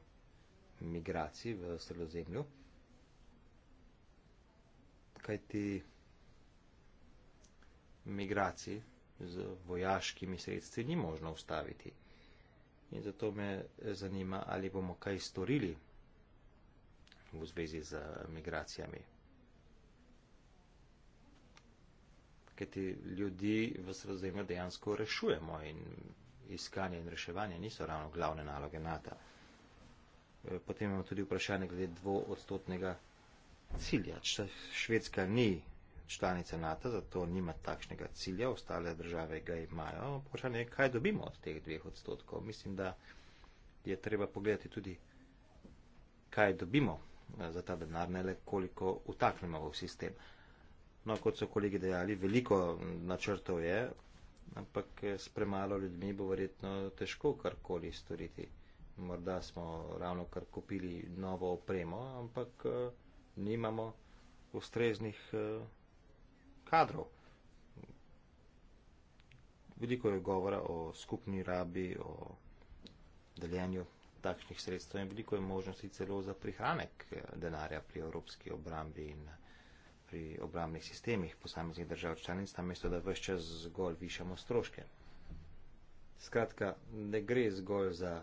migracij v sredozemlju. Kaj ti migracij z vojaškimi sredstvi ni možno ustaviti? In zato me eh, zanima, ali bomo kaj storili v zvezi z migracijami. Ker ti ljudi v sredozemlju dejansko rešujemo in iskanje in reševanje niso ravno glavne naloge NATO. Eh, potem imamo tudi vprašanje glede dvoodstotnega cilja. Švedska ni članice NATO, zato nima takšnega cilja, ostale države ga imajo. Vprašanje je, kaj dobimo od teh dveh odstotkov. Mislim, da je treba pogledati tudi, kaj dobimo eh, za ta denar, ne le koliko utaknemo v sistem. No, kot so kolegi dejali, veliko načrtov je, ampak eh, s premalo ljudmi bo verjetno težko karkoli storiti. Morda smo ravno kar kupili novo opremo, ampak eh, nimamo ustreznih kadrov. Veliko je govora o skupni rabi, o deljenju takšnih sredstev in veliko je možnosti celo za prihranek eh, denarja pri evropski obrambi in eh, pri obramnih sistemih posameznih držav članic, namesto da vse čas zgolj višamo stroške. Skratka, ne gre zgolj za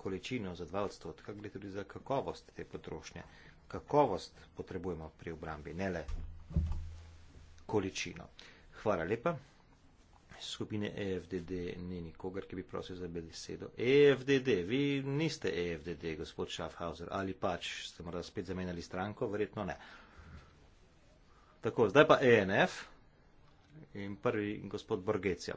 količino, za dva odstotka, gre tudi za kakovost te potrošnje. Kakovost potrebujemo pri obrambi, ne le količino. Hvala lepa. Skupine EFDD ni nikogar, ki bi prosil za besedo. EFDD, vi niste EFDD, gospod Schaffhauser, ali pač ste morda spet zamenjali stranko, verjetno ne. Tako, zdaj pa ENF in prvi gospod Borgecija.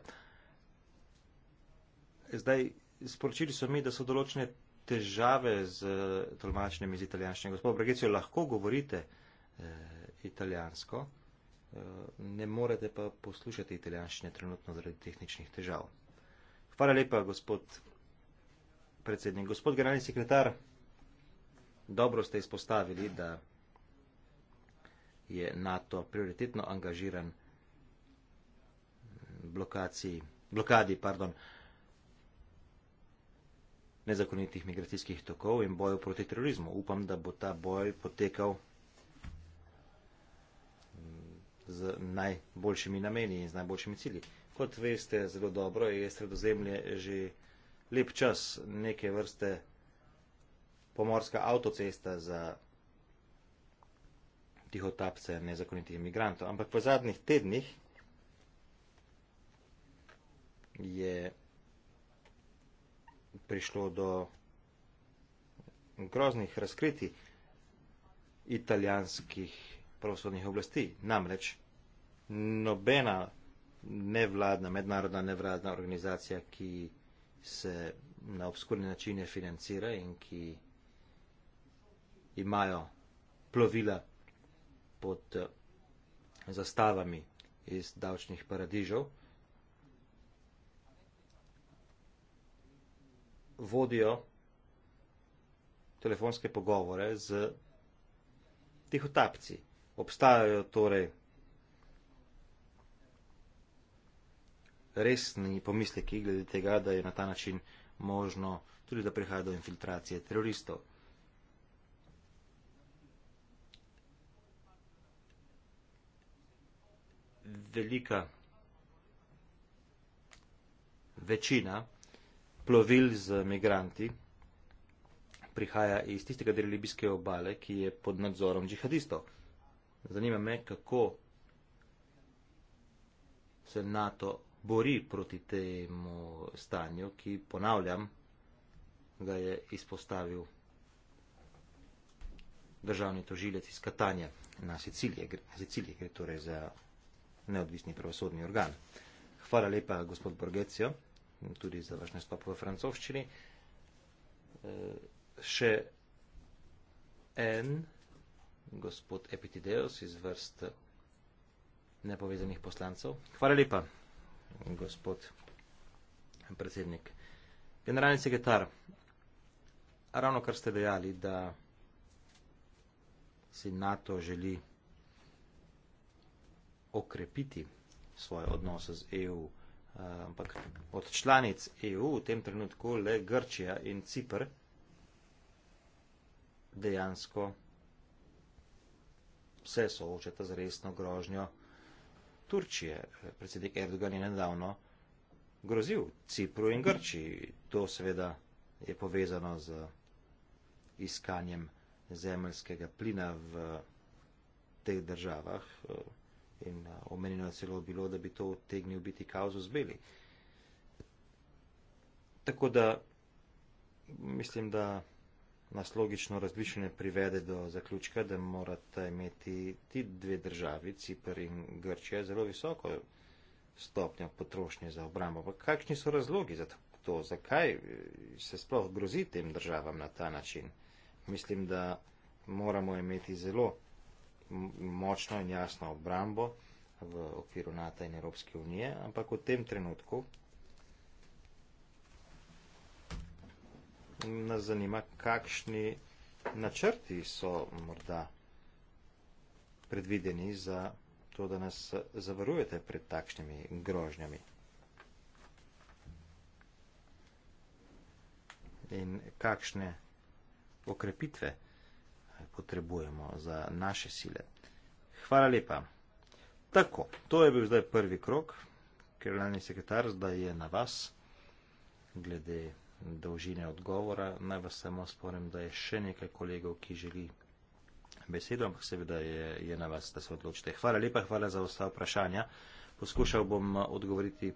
Zdaj, sporočili so mi, da so določene težave z eh, tolmačenjem iz italijanščine. Gospod Borgecijo, lahko govorite eh, italijansko? ne morete pa poslušati italijanščine trenutno zaradi tehničnih težav. Hvala lepa, gospod predsednik. Gospod generalni sekretar, dobro ste izpostavili, da je NATO prioritetno angažiran blokaciji, blokadi pardon, nezakonitih migracijskih tokov in boju proti terorizmu. Upam, da bo ta boj potekal z najboljšimi nameni in z najboljšimi cilji. Kot veste zelo dobro, je sredozemlje že lep čas neke vrste pomorska avtocesta za tihotapce nezakonitih imigrantov. Ampak v zadnjih tednih je prišlo do groznih razkriti italijanskih pravosodnih oblasti. Namreč nobena nevladna, mednarodna nevladna organizacija, ki se na obskurne načine financira in ki imajo plovila pod eh, zastavami iz davčnih paradižev, vodijo telefonske pogovore z tihotapci, obstajajo torej resni pomisleki glede tega, da je na ta način možno tudi, da prihaja do infiltracije teroristov. Velika večina plovil z migranti prihaja iz tistega dela Libijske obale, ki je pod nadzorom džihadistov. Zanima me, kako se NATO bori proti temu stanju, ki ponavljam, ga je izpostavil državni tožilec iz Katanja na Sicilije. Na Sicilije gre torej za neodvisni pravosodni organ. Hvala lepa, gospod Borgecio, tudi za vaš nastop v francoščini. Eh, še en gospod Epitideus iz vrst nepovezanih poslancev. Hvala lepa, gospod predsednik. Generalni sekretar, ravno kar ste dejali, da si NATO želi okrepiti svoje odnose z EU, ampak od članic EU v tem trenutku le Grčija in Cipr dejansko se soočata z resno grožnjo Turčije. Predsednik Erdogan je nedavno grozil Cipru in Grčiji. To seveda je povezano z iskanjem zemljskega plina v teh državah eh, in eh, omenjeno je celo bilo, da bi to tegnil biti kauzo zbeli. Tako da mislim, da nas logično razmišljanje privede do zaključka, da morata imeti ti dve državi, Cipr in Grčija, zelo visoko stopnjo potrošnje za obrambo. Pa kakšni so razlogi za to? Zakaj se sploh grozi tem državam na ta način? Mislim, da moramo imeti zelo močno in jasno obrambo v okviru NATO in Evropske unije, ampak v tem trenutku nas zanima, kakšni načrti so morda predvideni za to, da nas zavarujete pred takšnimi grožnjami. In kakšne okrepitve potrebujemo za naše sile. Hvala lepa. Tako, to je bil zdaj prvi krok, ker glavni sekretar zdaj je na vas glede dolžine odgovora. Naj vas samo spomnim, da je še nekaj kolegov, ki želi besedo, ampak seveda je, je na vas, da se odločite. Hvala lepa, hvala za vsa vprašanja. Poskušal bom eh, odgovoriti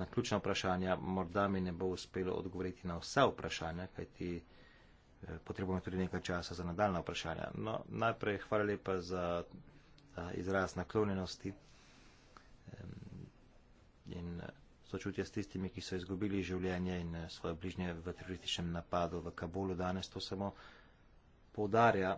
na ključna vprašanja. Morda mi ne bo uspelo odgovoriti na vsa vprašanja, kajti eh, potrebujemo tudi nekaj časa za nadaljna vprašanja. No, najprej hvala lepa za, za izraz naklonjenosti. In, sočutje s tistimi, ki so izgubili življenje in eh, svoje bližnje v terorističnem napadu v Kabulu. Danes to samo poudarja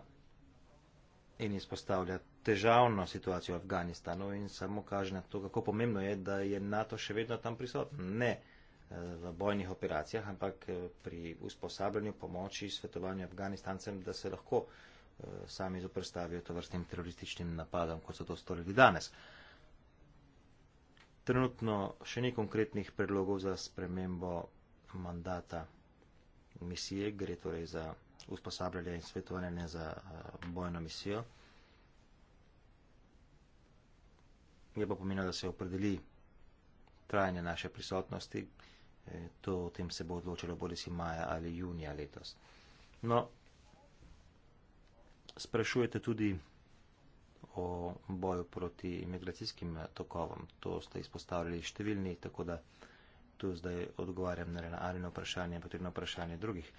in izpostavlja težavno situacijo v Afganistanu in samo kaže na to, kako pomembno je, da je NATO še vedno tam prisotno. Ne eh, v bojnih operacijah, ampak eh, pri usposabljanju, pomoči, svetovanju Afganistancem, da se lahko sami zoprstavijo to vrstnim terorističnim napadom, kot so to storili danes. Trenutno še ni konkretnih predlogov za spremembo mandata misije, gre torej za usposabljanje in svetovanje za eh, bojno misijo. Je pa pomenilo, da se opredeli trajanje naše prisotnosti, eh, to o tem se bo odločilo bodi si maja ali junija letos. No, sprašujete tudi o boju proti imigracijskim tokovom. To ste izpostavili številni, tako da tu zdaj odgovarjam na eno ali na vprašanje, pa tudi na vprašanje drugih.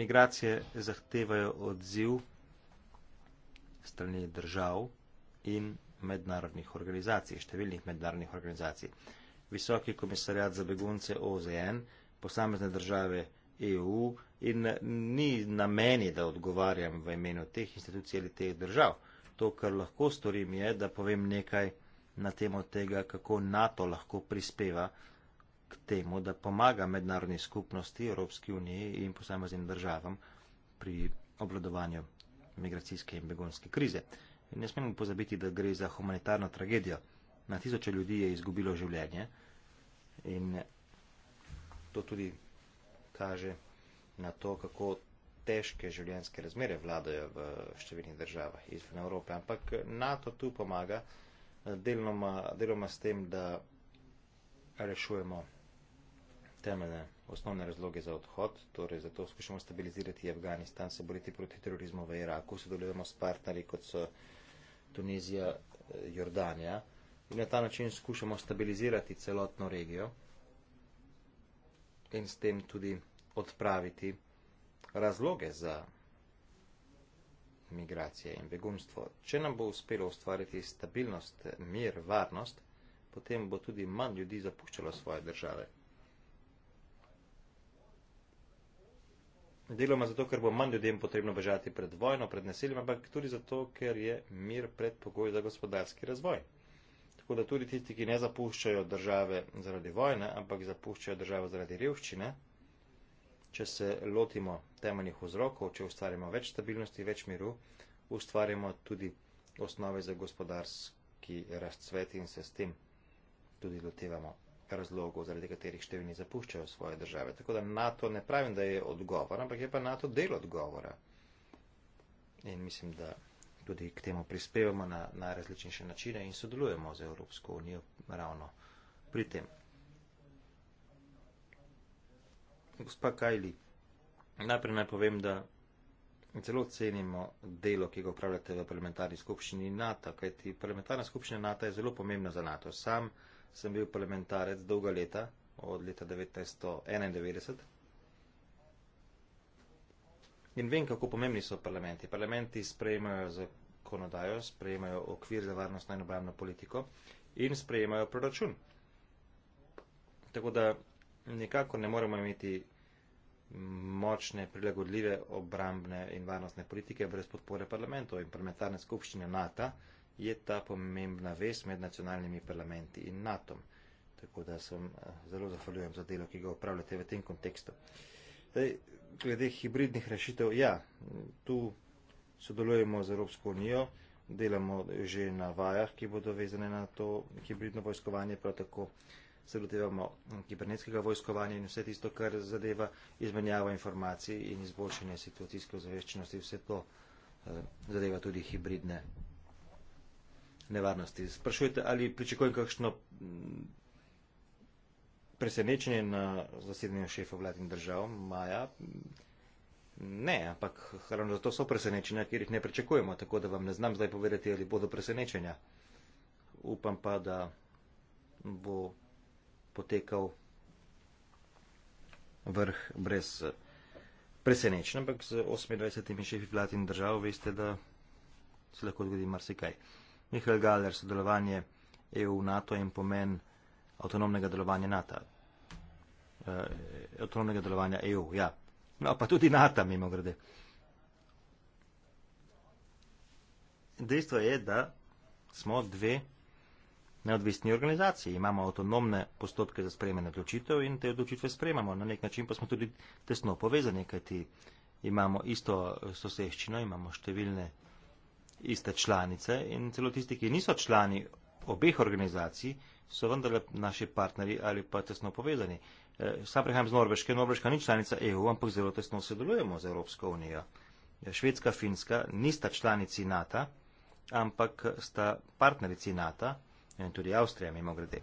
Migracije zahtevajo odziv strani držav in mednarodnih organizacij, številnih mednarodnih organizacij. Visoki komisarjat za begunce OZN, posamezne države EU in ni na meni, da odgovarjam v imenu teh institucij ali teh držav to, kar lahko storim, je, da povem nekaj na temo tega, kako NATO lahko prispeva k temu, da pomaga mednarodni skupnosti, Evropski uniji in posameznim državam pri obladovanju migracijske in begonske krize. In ne smemo pozabiti, da gre za humanitarno tragedijo. Na tisoče ljudi je izgubilo življenje in to tudi kaže na to, kako težke življenjske razmere vladajo v številnih državah izven Evrope. Ampak NATO tu pomaga eh, deloma, deloma s tem, da rešujemo temeljne osnovne razloge za odhod, torej zato skušamo stabilizirati Afganistan, se boriti proti terorizmu v Iraku, sodelujemo s partnerji kot so Tunizija, eh, Jordanija in na ta način skušamo stabilizirati celotno regijo in s tem tudi odpraviti razloge za migracije in begunstvo. Če nam bo uspelo ustvariti stabilnost, mir, varnost, potem bo tudi manj ljudi zapuščalo svoje države. Deloma zato, ker bo manj ljudem potrebno bežati pred vojno, pred nasiljem, ampak tudi zato, ker je mir predpogoj za gospodarski razvoj. Tako da tudi tisti, ki ne zapuščajo države zaradi vojne, ampak zapuščajo države zaradi revščine, Če se lotimo temeljnih vzrokov, če ustvarimo več stabilnosti, več miru, ustvarimo tudi osnove za gospodarski razcvet in se s tem tudi lotevamo razlogov, zaradi katerih številni zapuščajo svoje države. Tako da NATO ne pravim, da je odgovor, ampak je pa NATO del odgovora. In mislim, da tudi k temu prispevamo na, na različnejše načine in sodelujemo z Evropsko unijo ravno pri tem. gospa Kajli, najprej naj povem, da zelo cenimo delo, ki ga upravljate v parlamentarni skupščini NATO, kajti parlamentarna skupščina NATO je zelo pomembna za NATO. Sam sem bil parlamentarec dolga leta, od leta 1991. In vem, kako pomembni so parlamenti. Parlamenti sprejemajo zakonodajo, sprejemajo okvir za varnostno in obrambno politiko in sprejemajo proračun. Tako da nikako ne moremo imeti močne, prilagodljive obrambne in varnostne politike brez podpore parlamentov in parlamentarne skupščine NATO je ta pomembna vez med nacionalnimi parlamenti in NATO. Tako da sem eh, zelo zahvaljujem za delo, ki ga upravljate v tem kontekstu. Zdaj, glede hibridnih rešitev, ja, tu sodelujemo z Evropsko unijo, delamo že na vajah, ki bodo vezane na to hibridno vojskovanje, prav tako uh, se lotevamo kibernetskega vojskovanja in vse tisto, kar zadeva izmenjavo informacij in izboljšanje situacijske ozaveščenosti, vse to eh, zadeva tudi hibridne nevarnosti. Sprašujete, ali pričakujem kakšno mm, presenečenje na zasedanju šefov vladnih držav maja? Ne, ampak ravno zato so presenečenja, ker jih ne pričakujemo, tako da vam ne znam zdaj povedati, ali bodo presenečenja. Upam pa, da bo potekal vrh brez eh, presenečenja, ampak z 28 šefi vlad in držav veste, da se lahko zgodi marsikaj. Mihael Galer, sodelovanje EU, NATO in pomen avtonomnega delovanja NATO. Uh, eh, avtonomnega delovanja EU, ja. No, pa tudi NATO, mimo grede. Dejstvo je, da smo dve neodvisni organizaciji. Imamo avtonomne postopke za sprejemanje odločitev in te odločitve sprejemamo. Na nek način pa smo tudi tesno povezani, kajti imamo isto soseščino, imamo številne iste članice in celo tisti, ki niso člani obeh organizacij, so vendarle naši partnerji ali pa tesno povezani. Eh, sam prihajam z Norveške, Norveška ni članica EU, ampak zelo tesno sodelujemo z Evropsko unijo. Eh, Švedska, Finska nista članici NATO, ampak sta partnerici NATO in tudi Avstrija, mimo grede,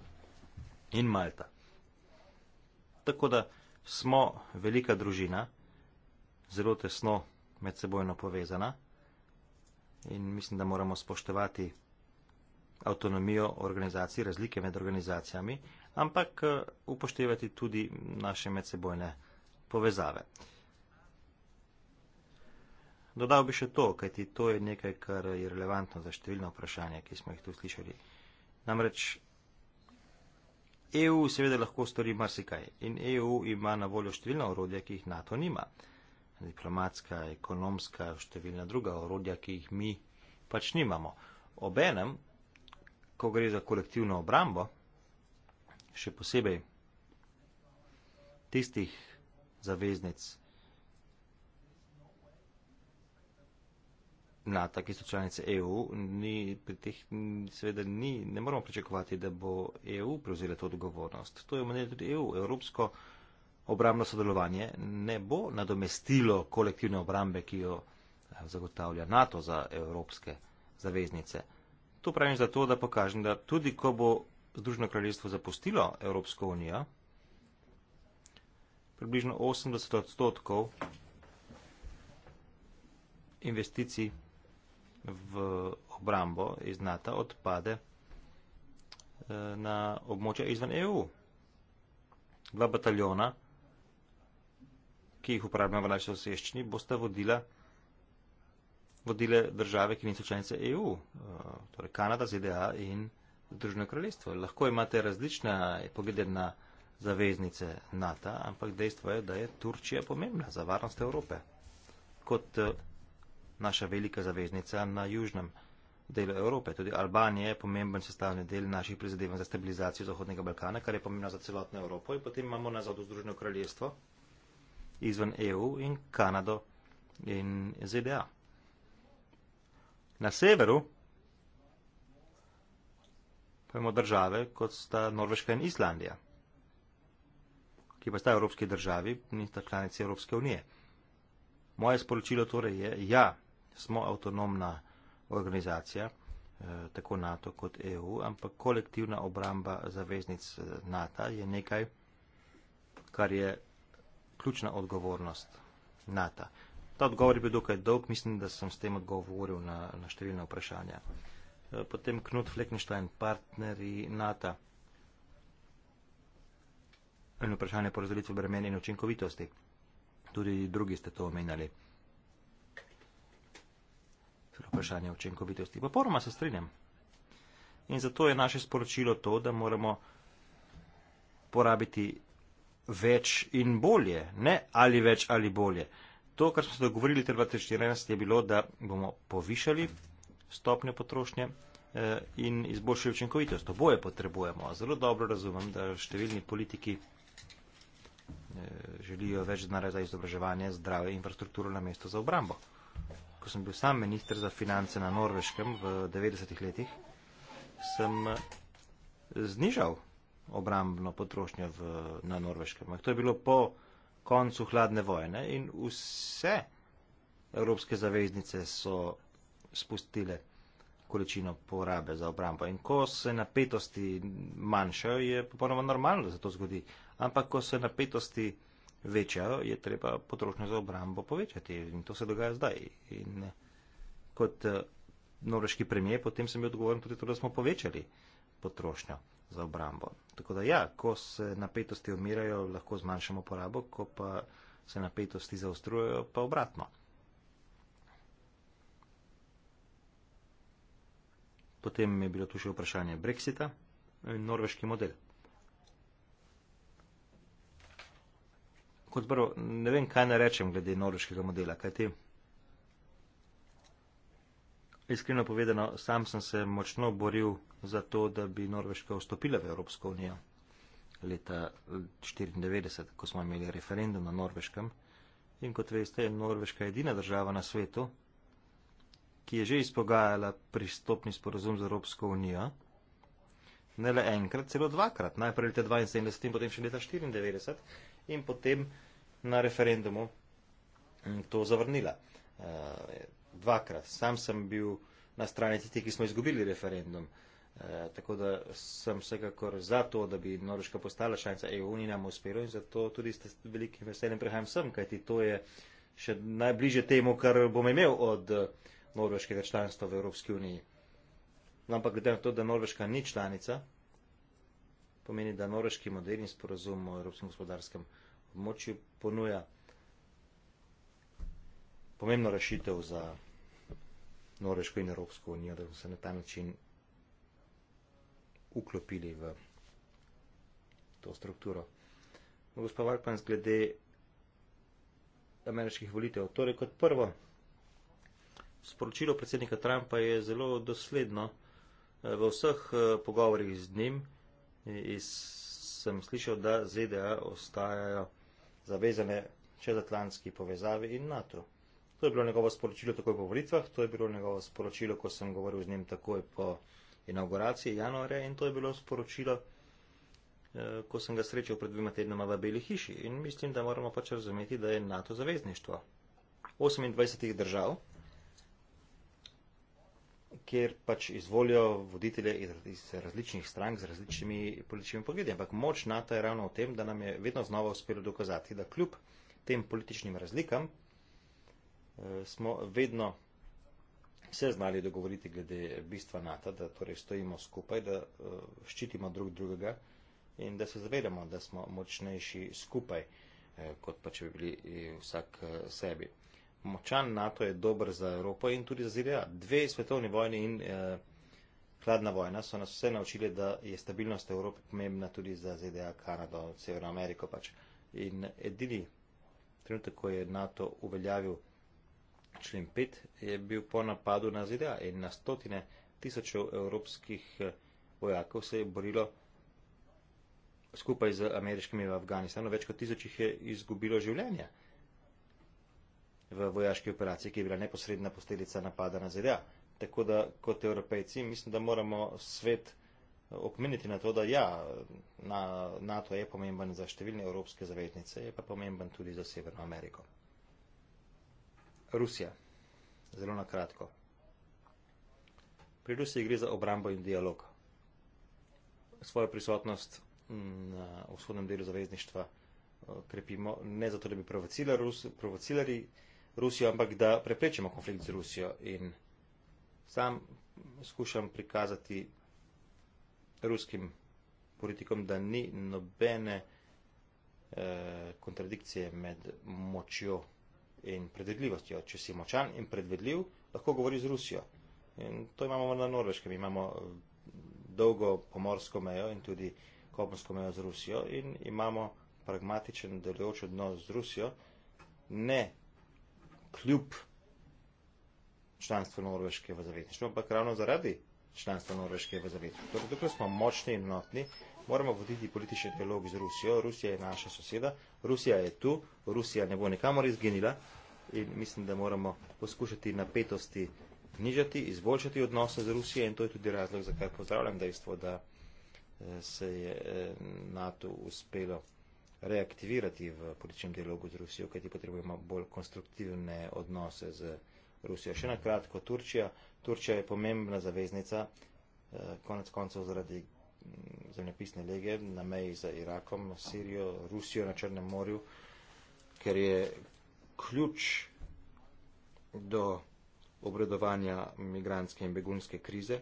in Malta. Tako da smo velika družina, zelo tesno med sebojno povezana in mislim, da moramo spoštovati avtonomijo organizacij, razlike med organizacijami, ampak eh, upoštevati tudi naše medsebojne povezave. Dodal bi še to, kajti to je nekaj, kar je relevantno za številno vprašanje, ki smo jih tu slišali. Namreč EU seveda lahko stori marsikaj in EU ima na voljo številna orodja, ki jih NATO nima. Diplomatska, ekonomska, številna druga orodja, ki jih mi pač nimamo. Obenem, ko gre za kolektivno obrambo, še posebej tistih zaveznic, NATO, ki so članice EU, ni, pri teh seveda ni, ne moramo pričakovati, da bo EU prevzela to odgovornost. To je omenjeno tudi EU. Evropsko obrambno sodelovanje ne bo nadomestilo kolektivne obrambe, ki jo eh, zagotavlja NATO za evropske zaveznice. To pravim zato, da pokažem, da tudi ko bo Združeno kraljestvo zapustilo Evropsko unijo, približno 80 odstotkov investicij v obrambo iz NATO odpade eh, na območja izven EU. Dva bataljona, ki jih uporabljamo v naši soseščini, boste vodila vodile države, ki niso članice EU, eh, torej Kanada, ZDA in Združeno kraljestvo. Lahko imate različne poglede na zaveznice NATO, ampak dejstvo je, da je Turčija pomembna za varnost Evrope. Kot eh, naša velika zaveznica na južnem delu Evrope. Tudi Albanija je pomemben sestavni del naših prizadevanj za stabilizacijo Zahodnega Balkana, kar je pomembno za celotno Evropo. In potem imamo nazad v Združeno kraljestvo, izven EU in Kanado in ZDA. Na severu pa imamo države, kot sta Norveška in Islandija, ki pa sta evropski državi, nista članici Evropske unije. Moje sporočilo torej je, ja, smo avtonomna organizacija, eh, tako NATO kot EU, ampak kolektivna obramba zaveznic eh, NATO je nekaj, kar je ključna odgovornost NATO. Ta odgovor je bil dokaj dolg, mislim, da sem s tem odgovoril na, na številne vprašanja. Eh, potem Knut Fleckenstein, partneri NATO. In vprašanje porazdelitve bremen in učinkovitosti. Tudi drugi ste to omenjali ker vprašanje je učinkovitosti. Pa poroma se strinjam. In zato je naše sporočilo to, da moramo porabiti več in bolje, ne ali več ali bolje. To, kar smo se dogovorili ter 2014, je bilo, da bomo povišali stopnjo potrošnje eh, in izboljšali učinkovitost. Oboje potrebujemo. Zelo dobro razumem, da številni politiki eh, želijo več denarja za izobraževanje, zdrave infrastrukture na mesto za obrambo ko sem bil sam ministr za finance na Norveškem v 90-ih letih, sem eh, znižal obrambno potrošnjo v, na Norveškem. To je bilo po koncu hladne vojne in vse evropske zaveznice so spustile količino porabe za obrambo. In ko se napetosti manjšajo, je popolnoma normalno, da se to zgodi. Ampak ko se napetosti večja, je treba potrošnjo za obrambo povečati. In to se dogaja zdaj. In eh, kot eh, norveški premije, potem sem bil odgovoren tudi to, da smo povečali potrošnjo za obrambo. Tako da ja, ko se napetosti umirajo, lahko zmanjšamo porabo, ko pa se napetosti zaostrujejo, pa obratno. Potem je bilo tu še vprašanje Brexita in norveški model. kot prvo, ne vem, kaj ne rečem glede norveškega modela, kaj ti. Iskreno povedano, sam sem se močno boril za to, da bi Norveška vstopila v Evropsko unijo leta 1994, eh, ko smo imeli referendum na Norveškem. In kot veste, je Norveška edina država na svetu, ki je že izpogajala pristopni sporozum z Evropsko unijo. Ne le enkrat, celo dvakrat. Najprej leta 1972 in potem še leta 1994 in potem na referendumu mm, to zavrnila. Eh, dvakrat. Sam sem bil na strani tistih, ki smo izgubili referendum. Eh, tako da sem vsekakor za to, da bi Norveška postala članica EU in nam uspelo in zato tudi s velikim veseljem prihajam sem, kajti to je še najbliže temu, kar bom imel od eh, norveškega članstva v Evropski uniji. No, ampak glede na to, da Norveška ni članica, pomeni, da norveški model in sporozum o Evropskem gospodarskem območju ponuja pomembno rešitev za Norveško in Evropsko unijo, da so se na ta način uklopili v to strukturo. Gospod Varkman, glede ameriških volitev. Torej, kot prvo, sporočilo predsednika Trumpa je zelo dosledno eh, v vseh eh, pogovorjih z njim. Iz, sem slišal, da ZDA ostajajo zavezane čezatlantski povezavi in NATO. To je bilo njegovo sporočilo takoj po volitvah, to je bilo njegovo sporočilo, ko sem govoril z njim takoj po inauguraciji januarja in to je bilo sporočilo, eh, ko sem ga srečal pred dvima tednoma v Beli hiši. In mislim, da moramo pač razumeti, da je NATO zavezništvo. 28 držav kjer pač izvolijo voditelje iz različnih strank z različnimi političnimi pogledi. Ampak moč NATO je ravno v tem, da nam je vedno znova uspelo dokazati, da kljub tem političnim razlikam eh, smo vedno se znali dogovoriti glede bistva NATO, da torej stojimo skupaj, da eh, ščitimo drug drugega in da se zavedamo, da smo močnejši skupaj, eh, kot pa če bi bili vsak sebi močan NATO je dober za Evropo in tudi za ZDA. Dve svetovni vojni in eh, hladna vojna so nas vse naučili, da je stabilnost Evrope pomembna tudi za ZDA, Kanado, Severno Ameriko pač. In edini trenutek, ko je NATO uveljavil člen 5, je bil po napadu na ZDA in na stotine tisočev evropskih eh, vojakov se je borilo skupaj z ameriškimi v Afganistanu. Več kot tisoč jih je izgubilo življenje v vojaški operaciji, ki je bila neposredna posledica napada na ZDA. Tako da kot evropejci mislim, da moramo svet eh, okmeniti na to, da ja, na, NATO je pomemben za številne evropske zavetnice, je pa pomemben tudi za Severno Ameriko. Rusija. Zelo na kratko. Pri Rusiji gre za obrambo in dialog. Svojo prisotnost mm, na vzhodnem delu zavezništva eh, krepimo ne zato, da bi provocirali, Rusijo, ampak da preprečimo konflikt z Rusijo. In sam skušam prikazati ruskim politikom, da ni nobene eh, kontradikcije med močjo in predvidljivostjo. Če si močan in predvidljiv, lahko govori z Rusijo. In to imamo na Norveškem. Imamo eh, dolgo pomorsko mejo in tudi kopensko mejo z Rusijo in imamo pragmatičen delujoč odnos z Rusijo, ne kljub članstvu Norveške v zavetništvu, ampak ravno zaradi članstva Norveške v zavetništvu. Torej, dokler smo močni in notni, moramo voditi politični dialog z Rusijo. Rusija je naša soseda, Rusija je tu, Rusija ne bo nekamor izginila in mislim, da moramo poskušati napetosti nižati, izboljšati odnose z Rusijo in to je tudi razlog, zakaj pozdravljam dejstvo, da eh, se je eh, NATO uspelo reaktivirati v političnem dialogu z Rusijo, kajti potrebujemo bolj konstruktivne odnose z Rusijo. Še na kratko, Turčija. Turčija je pomembna zaveznica, eh, konec koncev zaradi mm, zemljepisne lege na meji za Irakom, Sirijo, Rusijo na Črnem morju, ker je ključ do obredovanja migranske in begunske krize.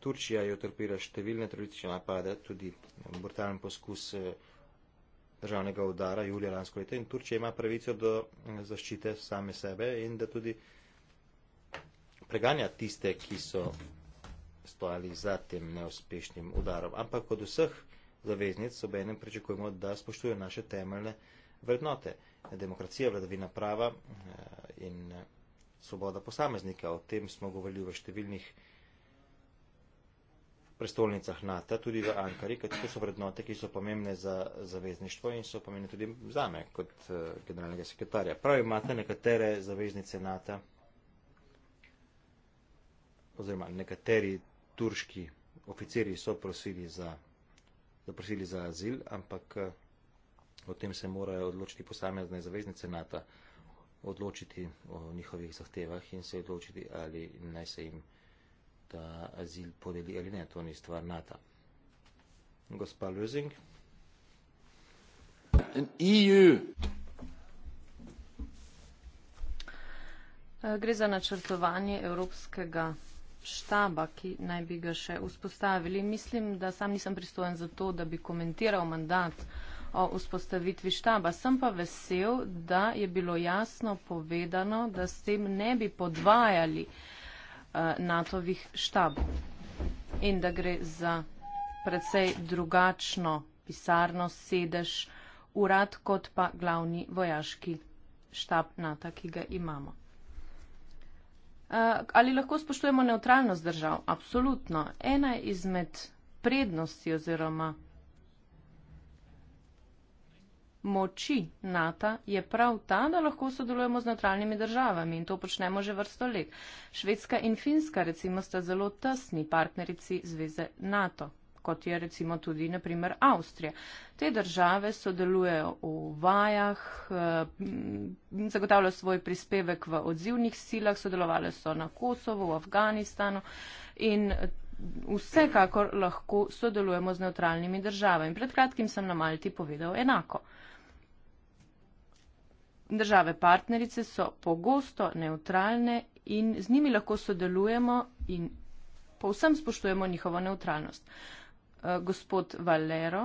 Turčija je utrpila številne teroristične napade, tudi brutalen poskus eh, državnega udara julija lansko leto in Turčija ima pravico do eh, zaščite same sebe in da tudi preganja tiste, ki so stojali za tem neuspešnim udarom. Ampak od vseh zaveznic so enem pričakujemo, da spoštujo naše temeljne vrednote. Demokracija, vladavina prava eh, in eh, svoboda posameznika. O tem smo govorili v številnih prestolnicah NATO, tudi v Ankari, ker to so vrednote, ki so pomembne za zavezništvo in so pomembne tudi zame kot uh, generalnega sekretarja. Prav imate nekatere zaveznice NATO oziroma nekateri turški oficiri so prosili za, zaprosili za azil, ampak eh, o tem se morajo odločiti posamezne zaveznice NATO, odločiti o njihovih zahtevah in se odločiti, ali naj se jim ta azil podeli ali ne, to ni stvar NATO. Gospa Lösing. In EU. Eh, gre za načrtovanje evropskega štaba, ki naj bi ga še vzpostavili. Mislim, da sam nisem pristojen za to, da bi komentiral mandat o vzpostavitvi štaba. Sem pa vesel, da je bilo jasno povedano, da s tem ne bi podvajali uh, Eh, NATO-vih štabov in da gre za predvsej drugačno pisarno, sedež, urad kot pa glavni vojaški štab NATO, ki ga imamo. Eh, ali lahko spoštujemo neutralnost držav? Absolutno. Ena izmed prednosti oziroma moči NATO je prav ta, da lahko sodelujemo z neutralnimi državami in to počnemo že vrsto let. Švedska in Finska recimo sta zelo tesni partnerici zveze NATO kot je recimo tudi naprimer Avstrija. Te države sodelujejo v vajah, eh, zagotavljajo svoj prispevek v odzivnih silah, sodelovali so na Kosovo, v Afganistanu in eh, vsekakor lahko sodelujemo z neutralnimi državami. Pred kratkim sem na Malti povedal enako. Države partnerice so pogosto neutralne in z njimi lahko sodelujemo in povsem spoštujemo njihovo neutralnost. Eh, gospod Valero,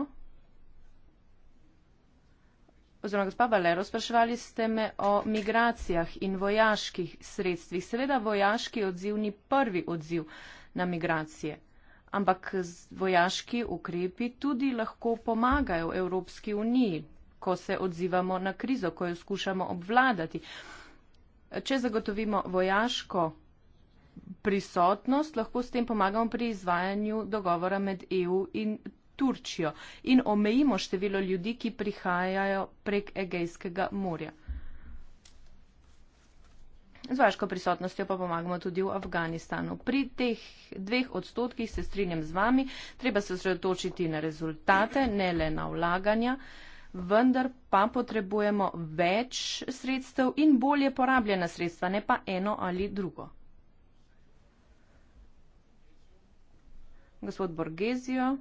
oziroma gospa Valero, spraševali ste me o migracijah in vojaških sredstvih. Seveda vojaški odziv ni prvi odziv na migracije, ampak vojaški ukrepi tudi lahko pomagajo Evropski uniji ko se odzivamo na krizo, ko jo skušamo obvladati. Če zagotovimo vojaško prisotnost, lahko s tem pomagamo pri izvajanju dogovora med EU in Turčijo in omejimo število ljudi, ki prihajajo prek Egejskega morja. Z vaško prisotnostjo pa pomagamo tudi v Afganistanu. Pri teh dveh odstotkih se strinjam z vami, treba se osredotočiti na rezultate, ne le na vlaganja. Uh, vendar pa potrebujemo več sredstev in bolje porabljena sredstva, ne pa eno ali drugo. Gospod Borgezijo.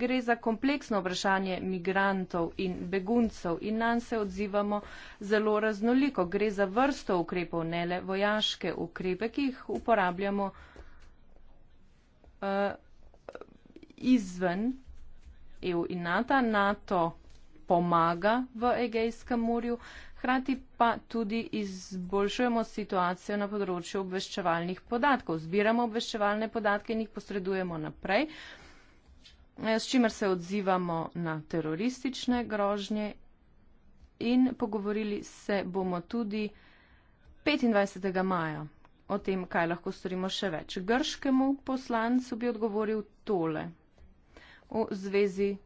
Gre za kompleksno vprašanje migrantov in beguncev in nam se odzivamo zelo raznoliko. Gre za vrsto ukrepov, ne le vojaške ukrepe, ki jih uporabljamo. Uh, izven EU in NATO. NATO pomaga v Egejskem morju, hrati pa tudi izboljšujemo situacijo na področju obveščevalnih podatkov. Zbiramo obveščevalne podatke in jih posredujemo naprej, eh, s čimer se odzivamo na teroristične grožnje in pogovorili se bomo tudi 25. maja o tem, kaj lahko storimo še več. Grškemu poslancu bi odgovoril tole v zvezi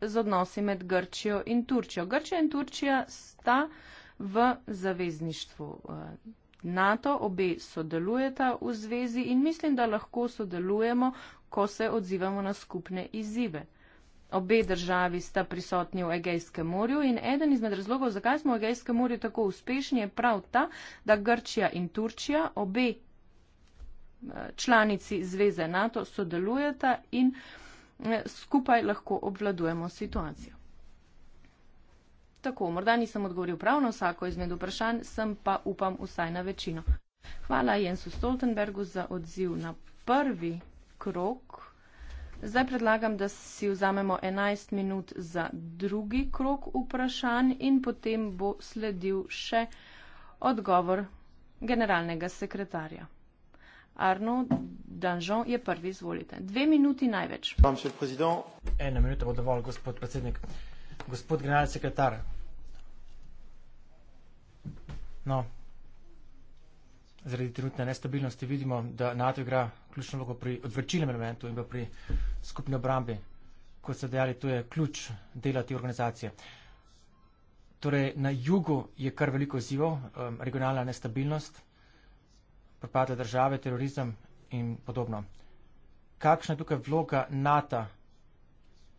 z odnosi med Grčijo in Turčijo. Grčija in Turčija sta v zavezništvu eh, NATO, obe sodelujeta v zvezi in mislim, da lahko sodelujemo, ko se odzivamo na skupne izzive. Obe državi sta prisotni v Egejskem morju in eden izmed razlogov, zakaj smo v Egejskem morju tako uspešni, je prav ta, da Grčija in Turčija, obe eh, članici zveze NATO, sodelujeta in uh, Eh, skupaj lahko obvladujemo situacijo. Tako, morda nisem odgovoril prav na vsako izmed vprašanj, sem pa upam vsaj na večino. Hvala Jensu Stoltenbergu za odziv na prvi krok. Zdaj predlagam, da si vzamemo 11 minut za drugi krok vprašanj in potem bo sledil še odgovor generalnega sekretarja. Arno Danžon je prvi, izvolite. Dve minuti največ. Ena minuta bo dovolj, gospod predsednik. Gospod generalni sekretar. No, zaradi trenutne nestabilnosti vidimo, da NATO igra ključno vlogo pri odvrčilnem elementu in pa pri skupni obrambi. Kot ste dejali, to je ključ dela te organizacije. Torej, na jugu je kar veliko izzivov, um, regionalna nestabilnost propadle države, terorizem in podobno. Kakšna je tukaj vloga NATO,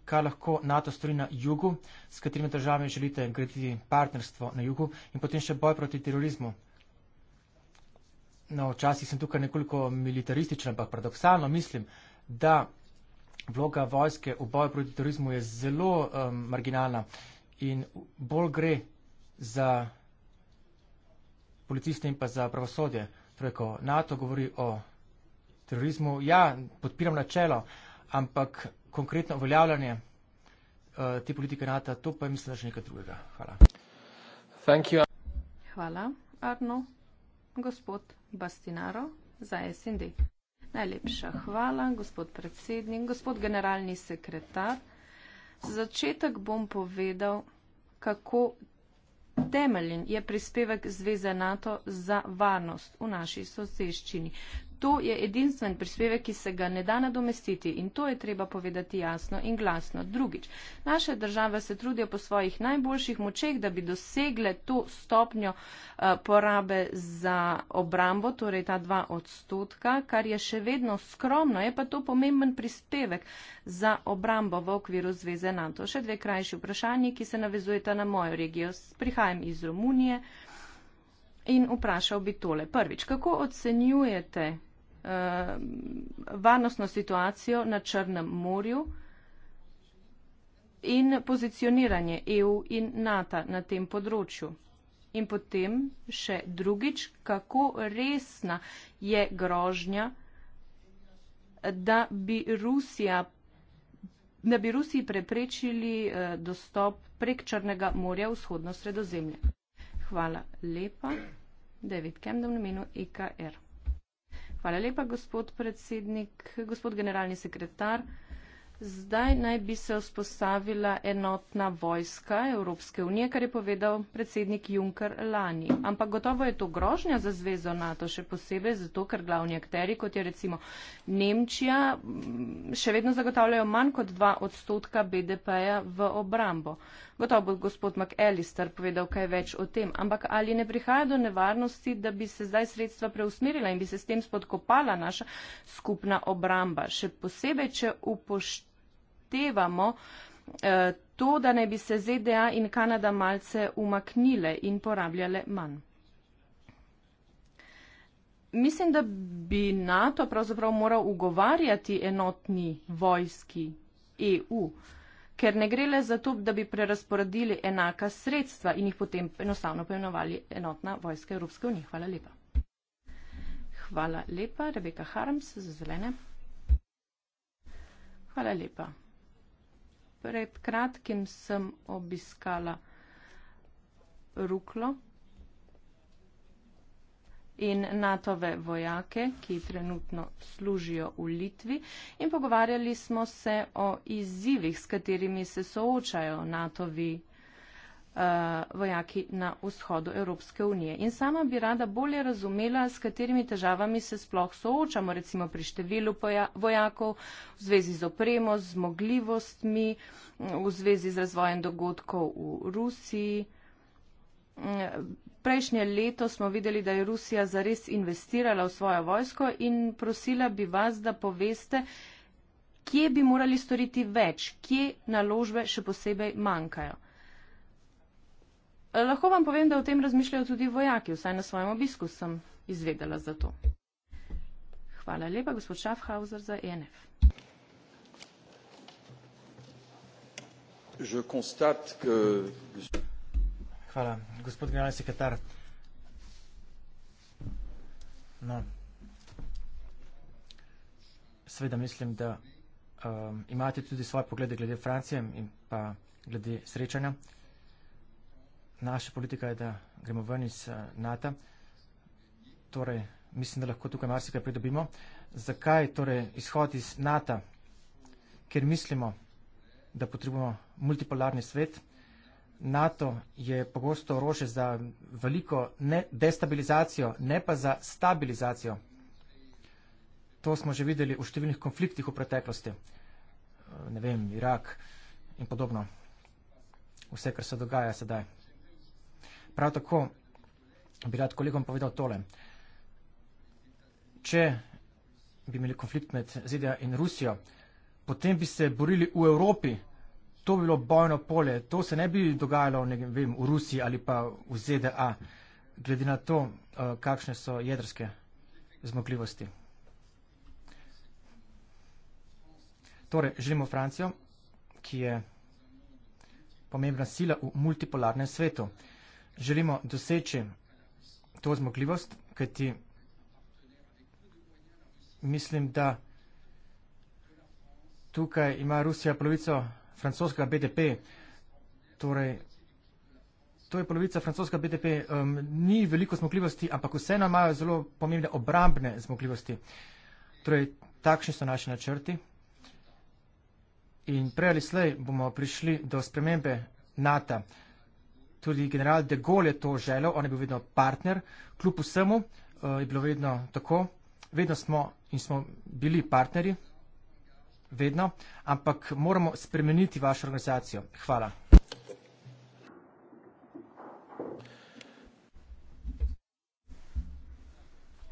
kaj lahko NATO stori na jugu, s katerimi državami želite graditi partnerstvo na jugu in potem še boj proti terorizmu? No, včasih sem tukaj nekoliko militarističen, ampak paradoksalno mislim, da vloga vojske v boju proti terorizmu je zelo um, marginalna in bolj gre za policiste in pa za pravosodje preko NATO, govori o terorizmu. Ja, podpiram načelo, ampak konkretno uveljavljanje uh, te politike NATO, to pa je mislim, da še nekaj drugega. Hvala. Hvala, Arno. Gospod Bastinaro za SND. Najlepša hvala, gospod predsednik, gospod generalni sekretar. Za začetek bom povedal, kako Temeljen je prispevek Zveze NATO za varnost v naši soseščini. To je edinstven prispevek, ki se ga ne da nadomestiti in to je treba povedati jasno in glasno. Drugič, naše države se trudijo po svojih najboljših močeh, da bi dosegle to stopnjo eh, porabe za obrambo, torej ta dva odstotka, kar je še vedno skromno, je pa to pomemben prispevek za obrambo v okviru Zveze NATO. Še dve krajši vprašanji, ki se navezujeta na mojo regijo. Prihajam iz Romunije. In vprašal bi tole. Prvič, kako ocenjujete Eh, varnostno situacijo na Črnem morju in pozicioniranje EU in NATO na tem področju. In potem še drugič, kako resna je grožnja, da bi, Rusija, da bi Rusiji preprečili eh, dostop prek Črnega morja vzhodno sredozemlje. Hvala lepa. David Kemden v imenu IKR. E Hvala lepa, gospod predsednik, gospod generalni sekretar. Zdaj naj bi se vzpostavila enotna vojska Evropske unije, kar je povedal predsednik Juncker lani. Ampak gotovo je to grožnja za zvezo NATO, še posebej zato, ker glavni akteri, kot je recimo Nemčija, še vedno zagotavljajo manj kot 2 odstotka BDP-ja v obrambo. Gotovo bo gospod McAllister povedal kaj več o tem, ampak ali ne prihaja do nevarnosti, da bi se zdaj sredstva preusmerila in bi se s tem spodkopala naša skupna obramba. Še posebej, če upoštevamo eh, to, da naj bi se ZDA in Kanada malce umaknile in porabljale manj. Mislim, da bi NATO pravzaprav moral ugovarjati enotni vojski EU. Uh, ker ne gre le za to, da bi prerasporedili enaka sredstva in jih potem enostavno poimenovali enotna vojska Evropske unije. Hvala lepa. Hvala lepa, Rebeka Harms za zelene. Hvala lepa. Pred kratkim sem obiskala Ruklo in NATO-ve vojake, ki trenutno služijo v Litvi. In pogovarjali smo se o izzivih, s katerimi se soočajo NATO-vi eh, vojaki na vzhodu Evropske unije. In sama bi rada bolje razumela, s katerimi težavami se sploh soočamo, recimo pri številu vojakov, v zvezi z opremo, z zmogljivostmi, v zvezi z razvojem dogodkov v Rusiji. Prejšnje leto smo videli, da je Rusija zares investirala v svojo vojsko in prosila bi vas, da poveste, kje bi morali storiti več, kje naložbe še posebej manjkajo. Eh, lahko vam povem, da o tem razmišljajo tudi vojaki, vsaj na svojem obisku sem izvedela za to. Hvala lepa, gospod Schaffhauser za ENF. Je constate que... Hvala. Gospod generalni sekretar. No. Sveda mislim, da um, imate tudi svoje poglede glede Francije in pa glede srečanja. Naša politika je, da gremo ven iz uh, NATO. Torej, mislim, da lahko tukaj marsikaj pridobimo. Zakaj torej izhod iz NATO? Ker mislimo, da potrebujemo multipolarni svet. NATO je pogosto orože za veliko ne destabilizacijo, ne pa za stabilizacijo. To smo že videli v številnih konfliktih v preteklosti. Eh, ne vem, Irak in podobno. Vse, kar se dogaja sedaj. Prav tako bi rad kolegom povedal tole. Če bi imeli konflikt med ZDA in Rusijo, potem bi se borili v Evropi to bilo bojno pole, to se ne bi dogajalo ne vem, v Rusiji ali pa v ZDA, glede na to, eh, kakšne so jedrske zmogljivosti. Torej, želimo Francijo, ki je pomembna sila v multipolarnem svetu. Želimo doseči to zmogljivost, kajti mislim, da tukaj ima Rusija polovico francoskega BDP. Torej, to je polovica francoskega BDP. Um, ni veliko zmogljivosti, ampak vseeno imajo zelo pomembne obrambne zmogljivosti. Torej, takšni so naši načrti. In prej ali slej bomo prišli do spremembe NATO. Tudi general De Gaulle je to želel, on je bil vedno partner. Kljub vsemu uh, je bilo vedno tako. Vedno smo in smo bili partnerji vedno, ampak moramo spremeniti vašo organizacijo. Hvala.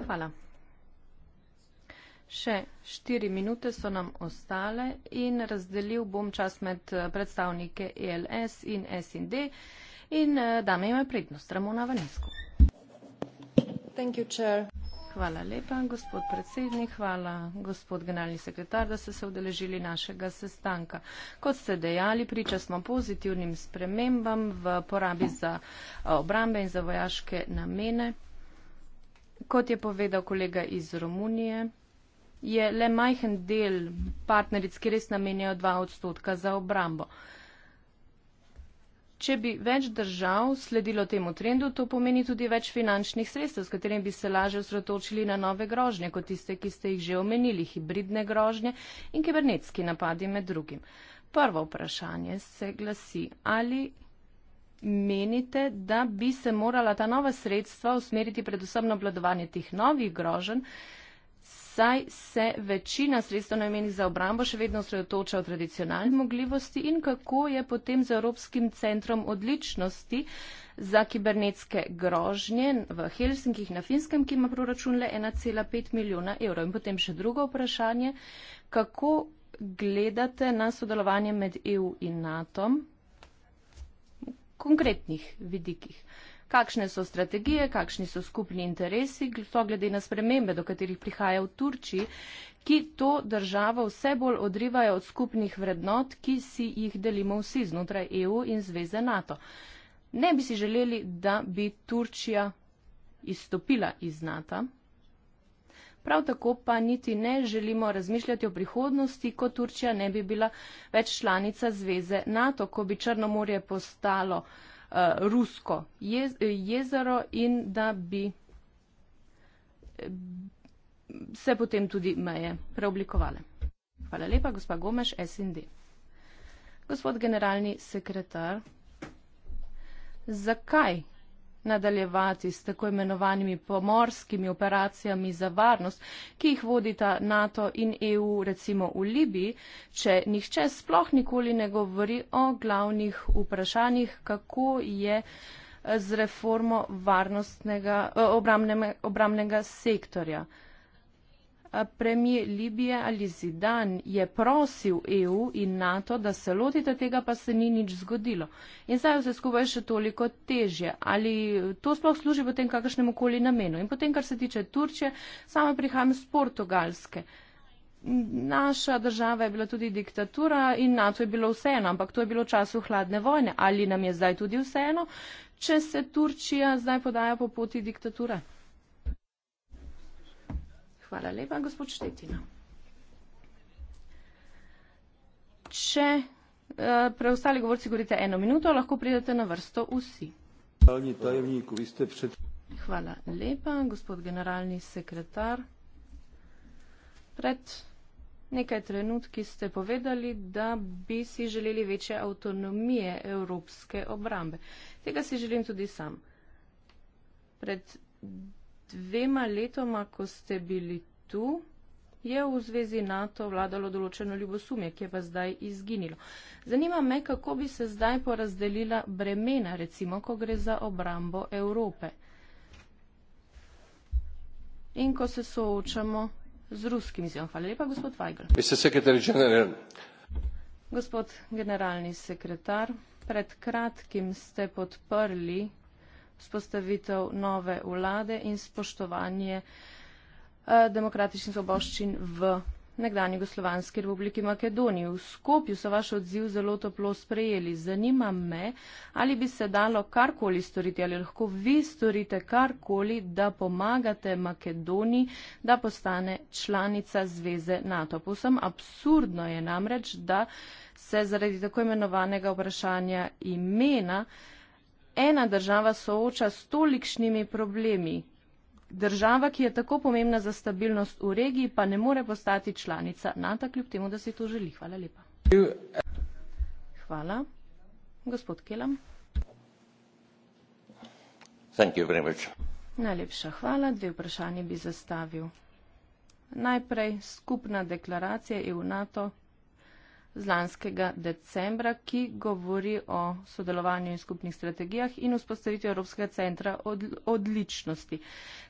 Hvala. Še štiri minute so nam ostale in razdelil bom čas med eh, predstavnike ELS in SND in eh, dame ime prednost Ramona Vanesko. Thank you, chair. Hvala lepa, gospod predsednik. Hvala, gospod generalni sekretar, da ste se udeležili našega sestanka. Kot ste dejali, priča smo pozitivnim spremembam v porabi za eh, obrambe in za vojaške namene. Kot je povedal kolega iz Romunije, je le majhen del partneric, ki res namenjajo 2 odstotka za obrambo če bi več držav sledilo temu trendu, to pomeni tudi več finančnih sredstev, s katerimi bi se lažje osredotočili na nove grožnje, kot tiste, ki ste jih že omenili, hibridne grožnje in kibernetski napadi med drugim. Prvo vprašanje se glasi, ali menite, da bi se morala ta nova sredstva usmeriti predvsem na obladovanje teh novih groženj, saj se večina sredstev namenih za obrambo še vedno osredotoča v tradicionalne zmogljivosti in kako je potem z Evropskim centrom odličnosti za kibernetske grožnje v Helsinkih na Finskem, ki ima proračun le 1,5 milijona evrov. In potem še drugo vprašanje, kako gledate na sodelovanje med EU in NATO v konkretnih vidikih? Uh, kakšne so strategije, kakšni so skupni interesi, so glede na spremembe, do katerih prihaja v Turčiji, ki to državo vse bolj odrivajo od skupnih vrednot, ki si jih delimo vsi znotraj EU in zveze NATO. Ne bi si želeli, da bi Turčija izstopila iz NATO. Prav tako pa niti ne želimo razmišljati o prihodnosti, ko Turčija ne bi bila več članica zveze NATO, ko bi Črno morje postalo uh, Eh, rusko jez, jezero in da bi eh, se potem tudi meje preoblikovale. Hvala lepa, gospa Gomeš, SND. Gospod generalni sekretar, zakaj nadaljevati s tako imenovanimi pomorskimi operacijami za varnost, ki jih vodita NATO in EU recimo v Libiji, če nihče sploh nikoli ne govori o glavnih vprašanjih, kako je eh, z reformo eh, obramnega, obramnega sektorja premijer Libije ali Zidan je prosil EU in NATO, da se lotite tega, pa se ni nič zgodilo. In zdaj vse skupaj še toliko težje. Ali to sploh služi potem kakršnemu koli namenu? In potem, kar se tiče Turčije, sama prihajam z Portugalske. Naša država je bila tudi diktatura in NATO je bilo vseeno, ampak to je bilo v času hladne vojne. Ali nam je zdaj tudi vseeno, če se Turčija zdaj podaja po poti diktature? Hvala lepa, gospod Štetina. Če eh, preostali govorci govorite eno minuto, lahko pridete na vrsto vsi. Hvala lepa, gospod generalni sekretar. Pred nekaj trenutki ste povedali, da bi si želeli večje avtonomije evropske obrambe. Tega si želim tudi sam. Pred dvema letoma, ko ste bili tu, je v zvezi NATO vladalo določeno ljubosumje, ki je pa zdaj izginilo. Zanima me, kako bi se zdaj porazdelila bremena, recimo, ko gre za obrambo Evrope. In ko se soočamo z ruskim izjavom. Hvala lepa, gospod Vajgl. Gospod generalni sekretar, pred kratkim ste podprli spostavitev nove vlade in spoštovanje eh, demokratičnih svoboščin v nekdani Jugoslovanski republiki Makedoniji. V Skopju so vaš odziv zelo toplo sprejeli. Zanima me, ali bi se dalo karkoli storiti, ali lahko vi storite karkoli, da pomagate Makedoniji, da postane članica Zveze NATO. Povsem absurdno je namreč, da se zaradi tako imenovanega vprašanja imena ena država sooča s tolikšnimi problemi. Država, ki je tako pomembna za stabilnost v regiji, pa ne more postati članica NATO, kljub temu, da si to želi. Hvala lepa. Hvala. Gospod Kelam. Najlepša hvala. Dve vprašanje bi zastavil. Najprej skupna deklaracija EU-NATO z lanskega decembra, ki govori o sodelovanju in skupnih strategijah in vzpostavitvi Evropskega centra od, odličnosti.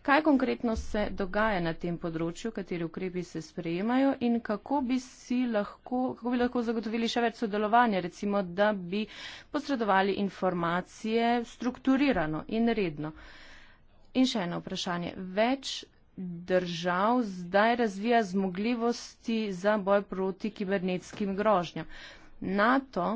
Kaj konkretno se dogaja na tem področju, kateri ukrepi se sprejemajo in kako bi si lahko, kako bi lahko zagotovili še več sodelovanja, recimo, da bi posredovali informacije strukturirano in redno. In še eno vprašanje. Več držav zdaj razvija zmogljivosti za boj proti kibernetskim grožnjam. NATO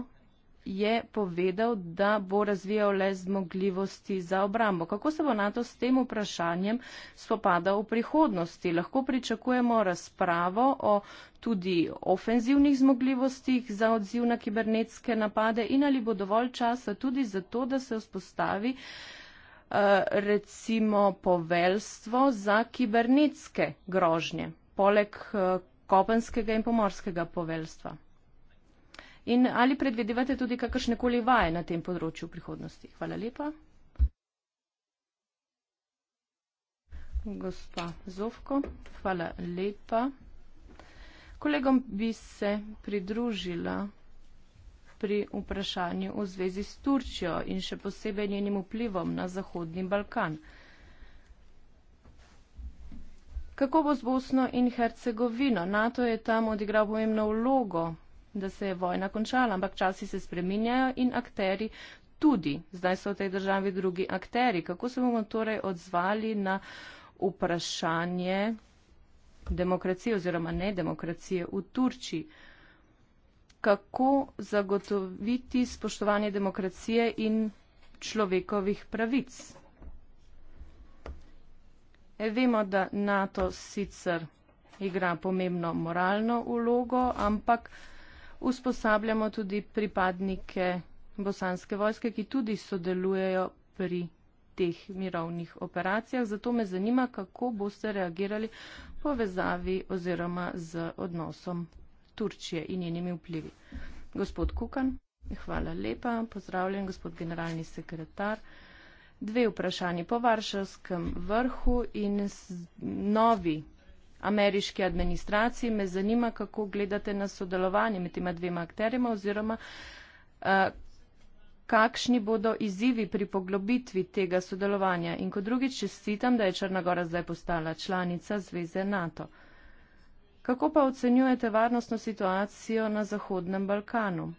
je povedal, da bo razvijal le zmogljivosti za obrambo. Kako se bo NATO s tem vprašanjem spopadal v prihodnosti? Lahko pričakujemo razpravo o tudi ofenzivnih zmogljivostih za odziv na kibernetske napade in ali bo dovolj časa tudi za to, da se vzpostavi uh, Eh, recimo poveljstvo za kibernetske grožnje, poleg eh, kopenskega in pomorskega poveljstva. In ali predvidevate tudi kakršnekoli vaje na tem področju v prihodnosti? Hvala lepa. Gospa Zofko, hvala lepa. Kolegom bi se pridružila pri vprašanju v zvezi s Turčijo in še posebej njenim vplivom na Zahodni Balkan. Kako bo z Bosno in Hercegovino? NATO je tam odigral pomembno vlogo, da se je vojna končala, ampak časi se spreminjajo in akteri tudi. Zdaj so v tej državi drugi akteri. Kako se bomo torej odzvali na vprašanje demokracije oziroma ne demokracije v Turčiji? kako zagotoviti spoštovanje demokracije in človekovih pravic. E, vemo, da NATO sicer igra pomembno moralno ulogo, ampak usposabljamo tudi pripadnike bosanske vojske, ki tudi sodelujejo pri teh mirovnih operacijah. Zato me zanima, kako boste reagirali povezavi oziroma z odnosom Turčije in njenimi vplivi. Gospod Kukan, hvala lepa, pozdravljen gospod generalni sekretar. Dve vprašanje po Varšavskem vrhu in novi ameriški administraciji. Me zanima, kako gledate na sodelovanje med tema dvema akterima oziroma eh, kakšni bodo izzivi pri poglobitvi tega sodelovanja. In kot drugič, čestitam, da je Črnagora zdaj postala članica Zveze NATO. Kako pa ocenjujete varnostno situacijo na Zahodnem Balkanu?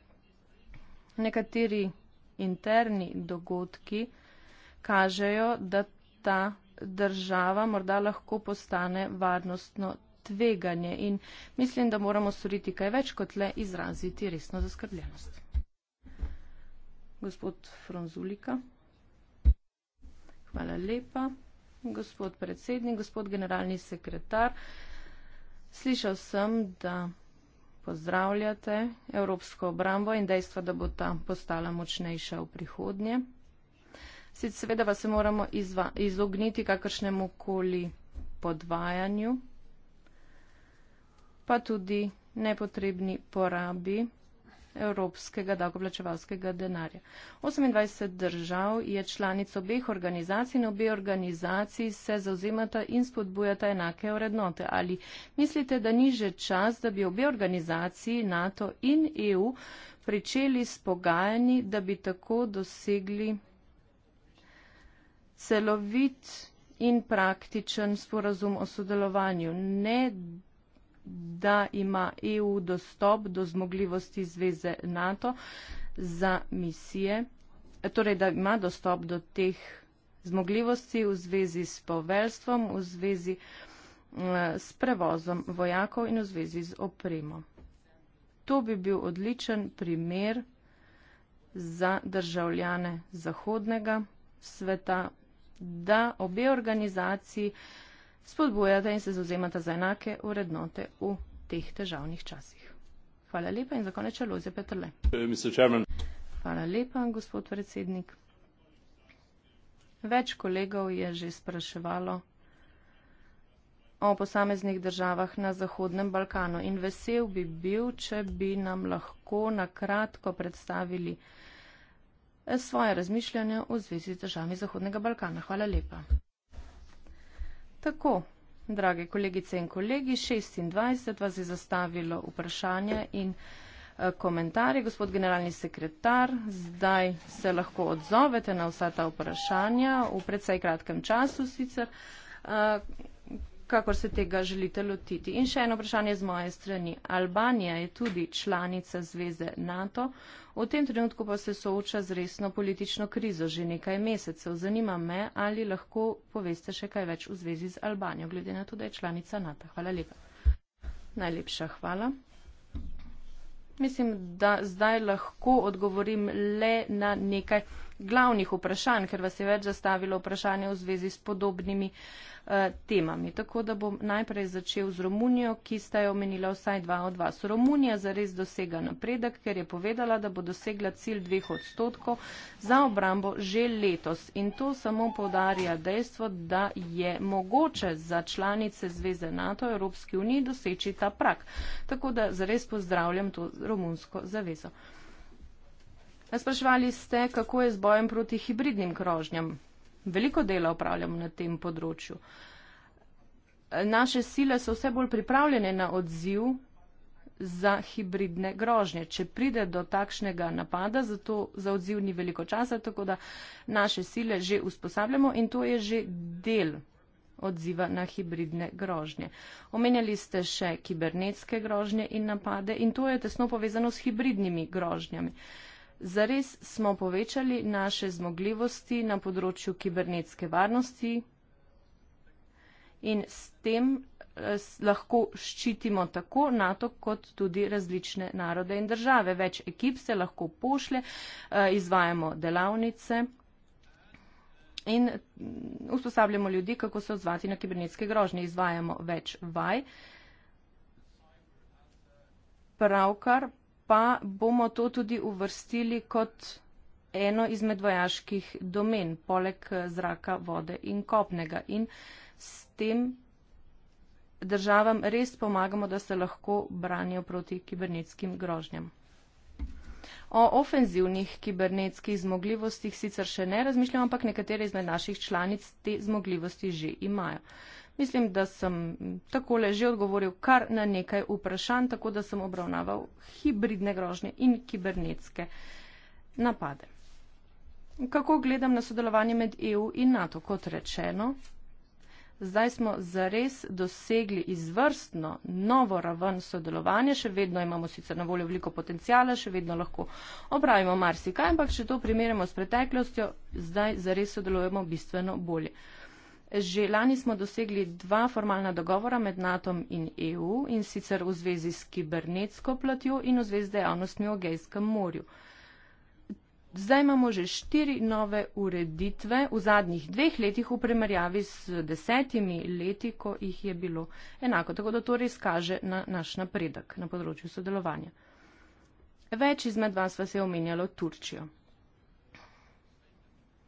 Nekateri interni dogodki kažejo, da ta država morda lahko postane varnostno tveganje in mislim, da moramo storiti kaj več kot le izraziti resno zaskrbljenost. Gospod Fronzulika. Hvala lepa. Gospod predsednik, gospod generalni sekretar. Slišal sem, da pozdravljate evropsko obrambo in dejstvo, da bo ta postala močnejša v prihodnje. Sicer seveda pa se moramo izva, izogniti kakršnemu koli podvajanju, pa tudi nepotrebni porabi evropskega dagoplačevalskega denarja. 28 držav je članic obeh organizacij in obe organizaciji se zauzemata in spodbujata enake vrednote. Ali mislite, da ni že čas, da bi obe organizaciji, NATO in EU, pričeli s pogajanji, da bi tako dosegli celovit in praktičen sporazum o sodelovanju? Ne da ima EU dostop do zmogljivosti zveze NATO za misije, torej da ima dostop do teh zmogljivosti v zvezi s poveljstvom, v zvezi eh, s prevozom vojakov in v zvezi z opremo. To bi bil odličen primer za državljane zahodnega sveta, da obe organizaciji spodbujate in se zauzemate za enake vrednote v teh težavnih časih. Hvala lepa in za konec Alojze Petrle. Hvala lepa, gospod predsednik. Več kolegov je že spraševalo o posameznih državah na Zahodnem Balkanu in vesel bi bil, če bi nam lahko na kratko predstavili svoje razmišljanje v zvezi z državami Zahodnega Balkana. Hvala lepa. Tako, drage kolegice in kolegi, 26 vas je zastavilo vprašanje in eh, komentarje. Gospod generalni sekretar, zdaj se lahko odzovete na vsa ta vprašanja v predvsej kratkem času sicer. Eh, kakor se tega želite lotiti. In še eno vprašanje z moje strani. Albanija je tudi članica zveze NATO, v tem trenutku pa se sooča z resno politično krizo že nekaj mesecev. Zanima me, ali lahko poveste še kaj več v zvezi z Albanijo, glede na to, da je članica NATO. Hvala lepa. Najlepša hvala. Mislim, da zdaj lahko odgovorim le na nekaj glavnih vprašanj, ker vas je več zastavilo vprašanje v zvezi s podobnimi eh, temami. Tako da bom najprej začel z Romunijo, ki sta jo omenila vsaj dva od vas. Romunija zares dosega napredek, ker je povedala, da bo dosegla cilj dveh odstotkov za obrambo že letos. In to samo povdarja dejstvo, da je mogoče za članice Zveze NATO Evropski uniji doseči ta prak. Tako da zares pozdravljam to romunsko zavezo. Spraševali ste, kako je z bojem proti hibridnim krožnjam. Veliko dela upravljamo na tem področju. Naše sile so vse bolj pripravljene na odziv za hibridne grožnje. Če pride do takšnega napada, zato za odziv ni veliko časa, tako da naše sile že usposabljamo in to je že del odziva na hibridne grožnje. Omenjali ste še kibernetske grožnje in napade in to je tesno povezano s hibridnimi grožnjami. Uh, Zares smo povečali naše zmogljivosti na področju kibernetske varnosti in s tem eh, lahko ščitimo tako NATO kot tudi različne narode in države. Več ekip se lahko pošlje, eh, izvajamo delavnice in mm, usposabljamo ljudi, kako se odzvati na kibernetske grožnje. Izvajamo več vaj. Pravkar pa bomo to tudi uvrstili kot eno izmed vojaških domen, poleg eh, zraka, vode in kopnega. In s tem državam res pomagamo, da se lahko branijo proti kibernetskim grožnjam. O ofenzivnih kibernetskih zmogljivostih sicer še ne razmišljamo, ampak nekatere izmed naših članic te zmogljivosti že imajo. Mislim, da sem takole že odgovoril kar na nekaj vprašanj, tako da sem obravnaval hibridne grožnje in kibernetske napade. Kako gledam na sodelovanje med EU in NATO? Kot rečeno, zdaj smo zares dosegli izvrstno novo raven sodelovanja, še vedno imamo sicer na voljo veliko potencijala, še vedno lahko opravimo marsikaj, ampak če to primerjamo s preteklostjo, zdaj zares sodelujemo bistveno bolje. Uh, Že lani smo dosegli dva formalna dogovora med NATO in EU in sicer v zvezi s kibernetsko platjo in v zvezi z dejavnostmi v Gejskem morju. Zdaj imamo že štiri nove ureditve v zadnjih dveh letih v primerjavi s desetimi leti, ko jih je bilo enako. Tako da to res kaže na naš napredek na področju sodelovanja. Več izmed vas vas je omenjalo Turčijo.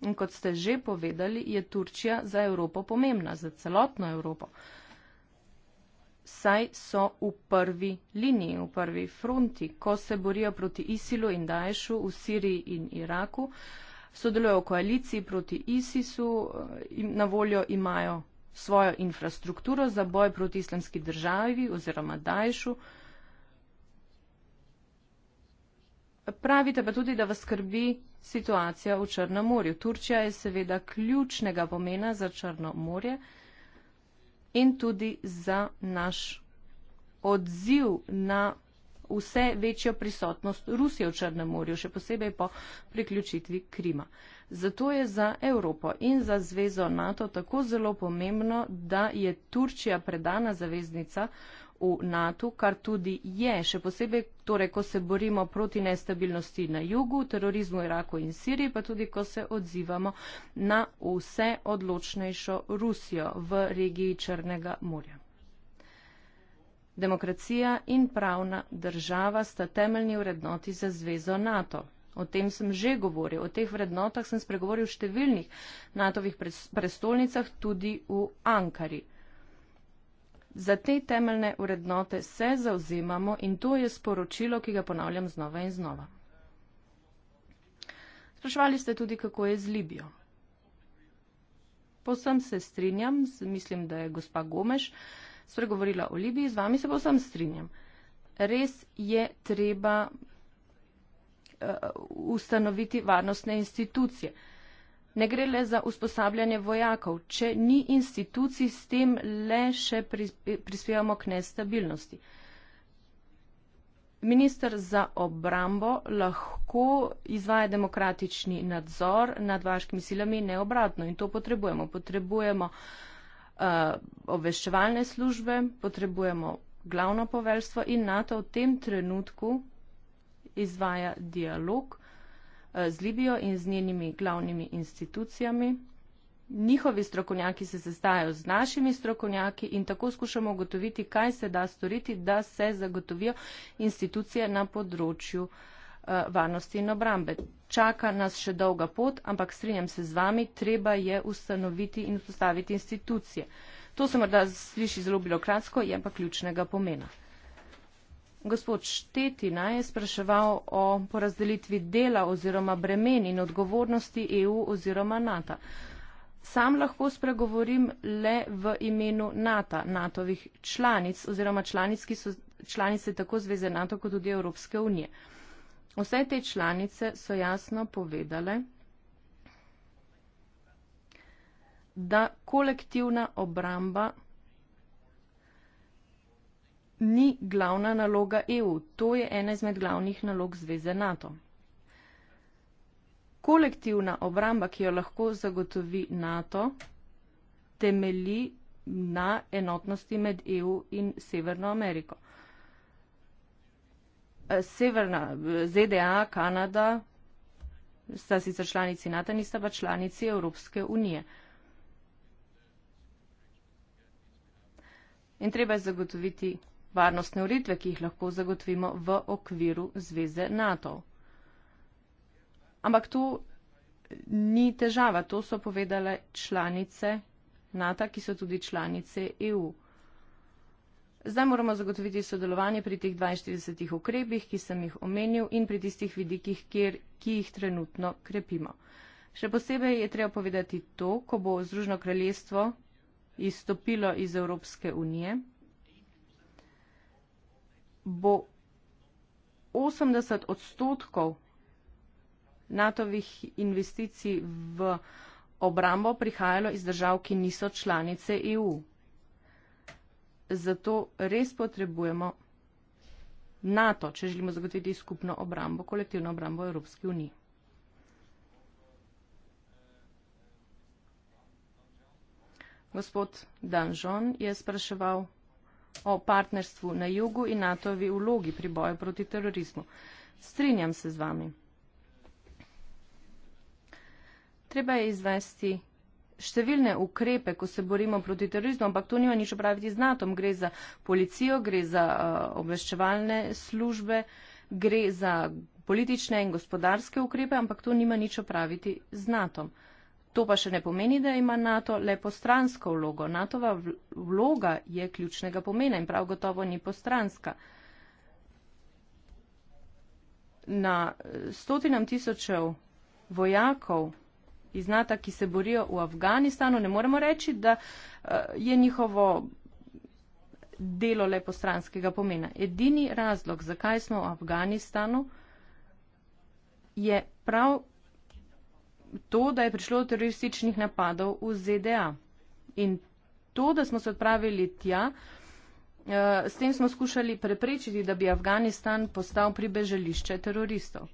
In kot ste že povedali, je Turčija za Evropo pomembna, za celotno Evropo. Saj so v prvi liniji, v prvi fronti, ko se borijo proti ISIL-u in Daješu v Siriji in Iraku, sodelujo v koaliciji proti ISIS-u, eh, na voljo imajo svojo infrastrukturo za boj proti islamski državi oziroma Daješu. Pravite pa tudi, da vas skrbi situacija v Črnem morju. Turčija je seveda ključnega pomena za Črno morje in tudi za naš odziv na vse večjo prisotnost Rusije v Črnem morju, še posebej po priključitvi Krima. Zato je za Evropo in za zvezo NATO tako zelo pomembno, da je Turčija predana zaveznica v NATO, kar tudi je, še posebej, torej, ko se borimo proti nestabilnosti na jugu, terorizmu v Iraku in Siriji, pa tudi, ko se odzivamo na vse odločnejšo Rusijo v regiji Črnega morja. Demokracija in pravna država sta temeljni vrednoti za zvezo NATO. O tem sem že govoril, o teh vrednotah sem spregovoril v številnih NATO-vih prestolnicah, tudi v Ankari. Za te temeljne urednote se zauzemamo in to je sporočilo, ki ga ponavljam znova in znova. Sprašvali ste tudi, kako je z Libijo. Povsem se strinjam, mislim, da je gospa Gomeš spregovorila o Libiji, z vami se povsem strinjam. Res je treba uh, ustanoviti varnostne institucije. Uh, ne gre le za usposabljanje vojakov, če ni institucij, s tem le še prispevamo k nestabilnosti. Ministr za obrambo lahko izvaja demokratični nadzor nad vaškimi silami neobratno in to potrebujemo. Potrebujemo uh, obveščevalne službe, potrebujemo glavno poveljstvo in NATO v tem trenutku izvaja dialog Eh, z Libijo in z njenimi glavnimi institucijami. Njihovi strokovnjaki se sestajajo z našimi strokovnjaki in tako skušamo ugotoviti, kaj se da storiti, da se zagotovijo institucije na področju eh, varnosti in obrambe. Čaka nas še dolga pot, ampak strinjam se z vami, treba je ustanoviti in vzpostaviti institucije. To se morda sliši zelo bilokratsko, je pa ključnega pomena. Gospod Štetina je spraševal o porazdelitvi dela oziroma bremen in odgovornosti EU oziroma NATO. Sam lahko spregovorim le v imenu NATO, NATO-vih članic oziroma članic, ki so članice tako Zveze NATO kot tudi Evropske unije. Vse te članice so jasno povedale, da kolektivna obramba ni glavna naloga EU, to je ena izmed glavnih nalog Zveze NATO. Kolektivna obramba, ki jo lahko zagotovi NATO, temelji na enotnosti med EU in Severno Ameriko. Eh, Severna, eh, ZDA, Kanada sta sicer članici NATO, nista pa članici Evropske unije. In treba je zagotoviti varnostne uritve, ki jih lahko zagotovimo v okviru zveze NATO. Ampak to ni težava, to so povedale članice NATO, ki so tudi članice EU. Zdaj moramo zagotoviti sodelovanje pri teh 42 ukrepih, ki sem jih omenil in pri tistih vidikih, kjer, ki jih trenutno krepimo. Še posebej je treba povedati to, ko bo Združno kraljestvo izstopilo iz Evropske unije, bo 80 odstotkov NATO-vih investicij v obrambo prihajalo iz držav, ki niso članice EU. Zato res potrebujemo NATO, če želimo zagotoviti skupno obrambo, kolektivno obrambo Evropske unije. Gospod Danžon je spraševal o partnerstvu na jugu in NATO-vi vlogi pri boju proti terorizmu. Strinjam se z vami. Treba je izvesti številne ukrepe, ko se borimo proti terorizmu, ampak to nima nič opraviti z NATO. Gre za policijo, gre za uh, obveščevalne službe, gre za politične in gospodarske ukrepe, ampak to nima nič opraviti z NATO. Uh, To pa še ne pomeni, da ima NATO le postransko vlogo. NATO-va vloga je ključnega pomena in prav gotovo ni postranska. Na eh, stotinam tisočev vojakov iz NATO, ki se borijo v Afganistanu, ne moremo reči, da eh, je njihovo delo le postranskega pomena. Edini razlog, zakaj smo v Afganistanu, je prav to, da je prišlo do terorističnih napadov v ZDA. In to, da smo se odpravili tja, eh, s tem smo skušali preprečiti, da bi Afganistan postal pribežališče teroristov.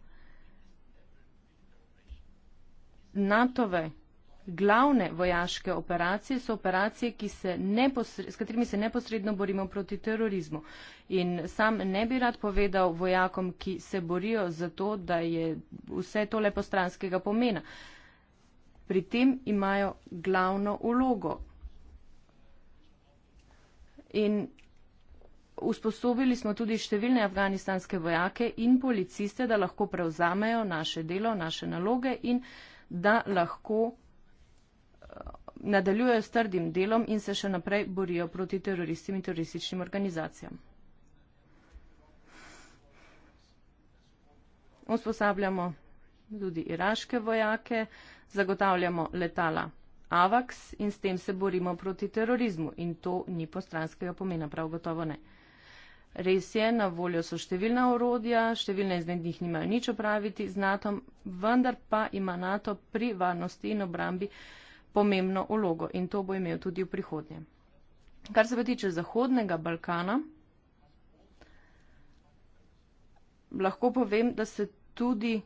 NATO-ve glavne vojaške operacije so operacije, s katerimi se neposredno borimo proti terorizmu. In sam ne bi rad povedal vojakom, ki se borijo za to, da je vse to lepostranskega pomena. Pri tem imajo glavno ulogo. In usposobili smo tudi številne afganistanske vojake in policiste, da lahko prevzamejo naše delo, naše naloge in da lahko nadaljujejo s trdim delom in se še naprej borijo proti teroristim in terorističnim organizacijam. Usposabljamo tudi iraške vojake, zagotavljamo letala AVAX in s tem se borimo proti terorizmu in to ni postranskega pomena, prav gotovo ne. Res je, na voljo so številna orodja, številne izmed njih nimajo nič opraviti z NATO, vendar pa ima NATO pri varnosti in obrambi pomembno ulogo in to bo imel tudi v prihodnje. Kar se pa tiče Zahodnega Balkana, lahko povem, da se tudi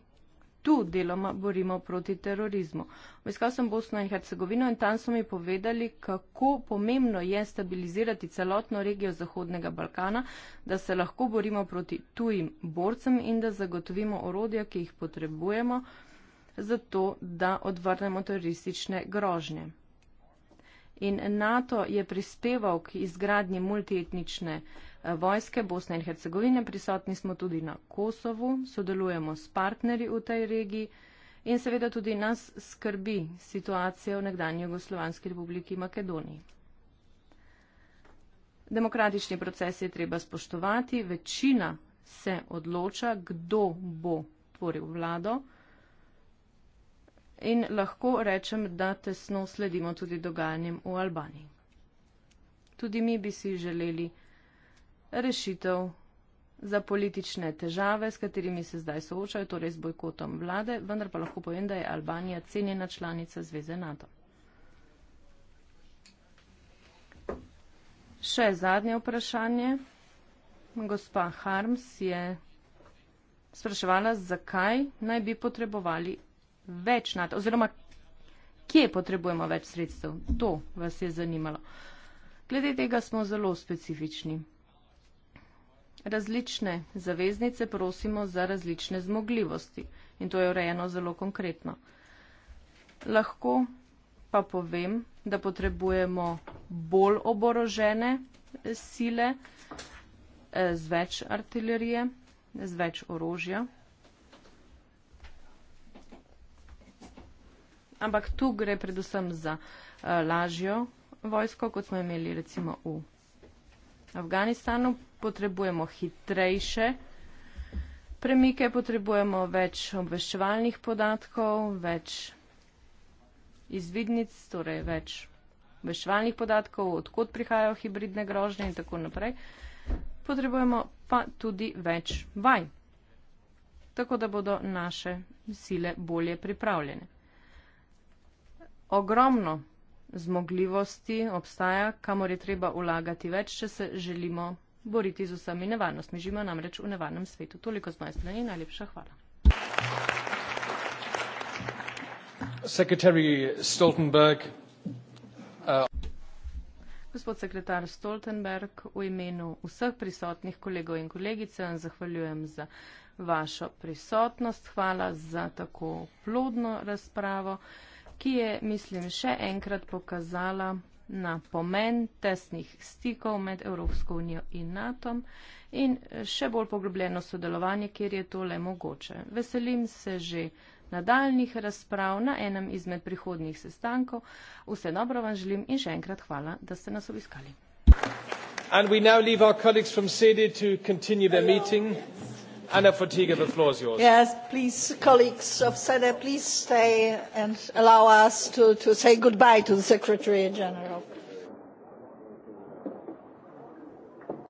tu deloma borimo proti terorizmu. Obiskal sem Bosno in Hercegovino in tam so mi povedali, kako pomembno je stabilizirati celotno regijo Zahodnega Balkana, da se lahko borimo proti tujim borcem in da zagotovimo orodja, ki jih potrebujemo zato da odvrnemo teroristične grožnje. In NATO je prispeval k izgradnji multietnične eh, vojske Bosne in Hercegovine, prisotni smo tudi na Kosovu, sodelujemo s partnerji v tej regiji in seveda tudi nas skrbi situacija v nekdanji Jugoslovanski republiki Makedoniji. Demokratični proces je treba spoštovati, večina se odloča, kdo bo tvoril vlado in lahko rečem, da tesno sledimo tudi dogajanjem v Albaniji. Tudi mi bi si želeli rešitev za politične težave, s katerimi se zdaj soočajo, torej z bojkotom vlade, vendar pa lahko povem, da je Albanija cenjena članica Zveze NATO. Še zadnje vprašanje. Gospa Harms je spraševala, zakaj naj bi potrebovali več nad, oziroma kje potrebujemo več sredstev. To vas je zanimalo. Glede tega smo zelo specifični. Različne zaveznice prosimo za različne zmogljivosti in to je urejeno zelo konkretno. Lahko pa povem, da potrebujemo bolj oborožene sile eh, z več artilerije, z več orožja. ampak tu gre predvsem za uh, lažjo vojsko, kot smo imeli recimo v Afganistanu. Potrebujemo hitrejše premike, potrebujemo več obveščevalnih podatkov, več izvidnic, torej več obveščevalnih podatkov, odkot prihajajo hibridne grožnje in tako naprej. Potrebujemo pa tudi več vaj, tako da bodo naše sile bolje pripravljene ogromno zmogljivosti obstaja, kamor je treba vlagati več, če se želimo boriti z vsemi nevarnostmi. Živimo namreč v nevarnem svetu. Toliko z moje strani in najlepša hvala. Uh, Gospod sekretar Stoltenberg, v imenu vseh prisotnih kolegov in kolegice vam zahvaljujem za vašo prisotnost. Hvala za tako plodno razpravo ki je, mislim, še enkrat pokazala na pomen tesnih stikov med Evropsko unijo in NATO in še bolj poglobljeno sodelovanje, kjer je to le mogoče. Veselim se že nadaljnih razprav na enem izmed prihodnjih sestankov. Vse dobro vam želim in še enkrat hvala, da ste nas obiskali. And we now leave our colleagues from CD to continue their Hello. meeting. Yes. Anna Fortiga, the floor is yours. Yes, please, colleagues of SEDE, please stay and allow us to, to say goodbye to the Secretary General.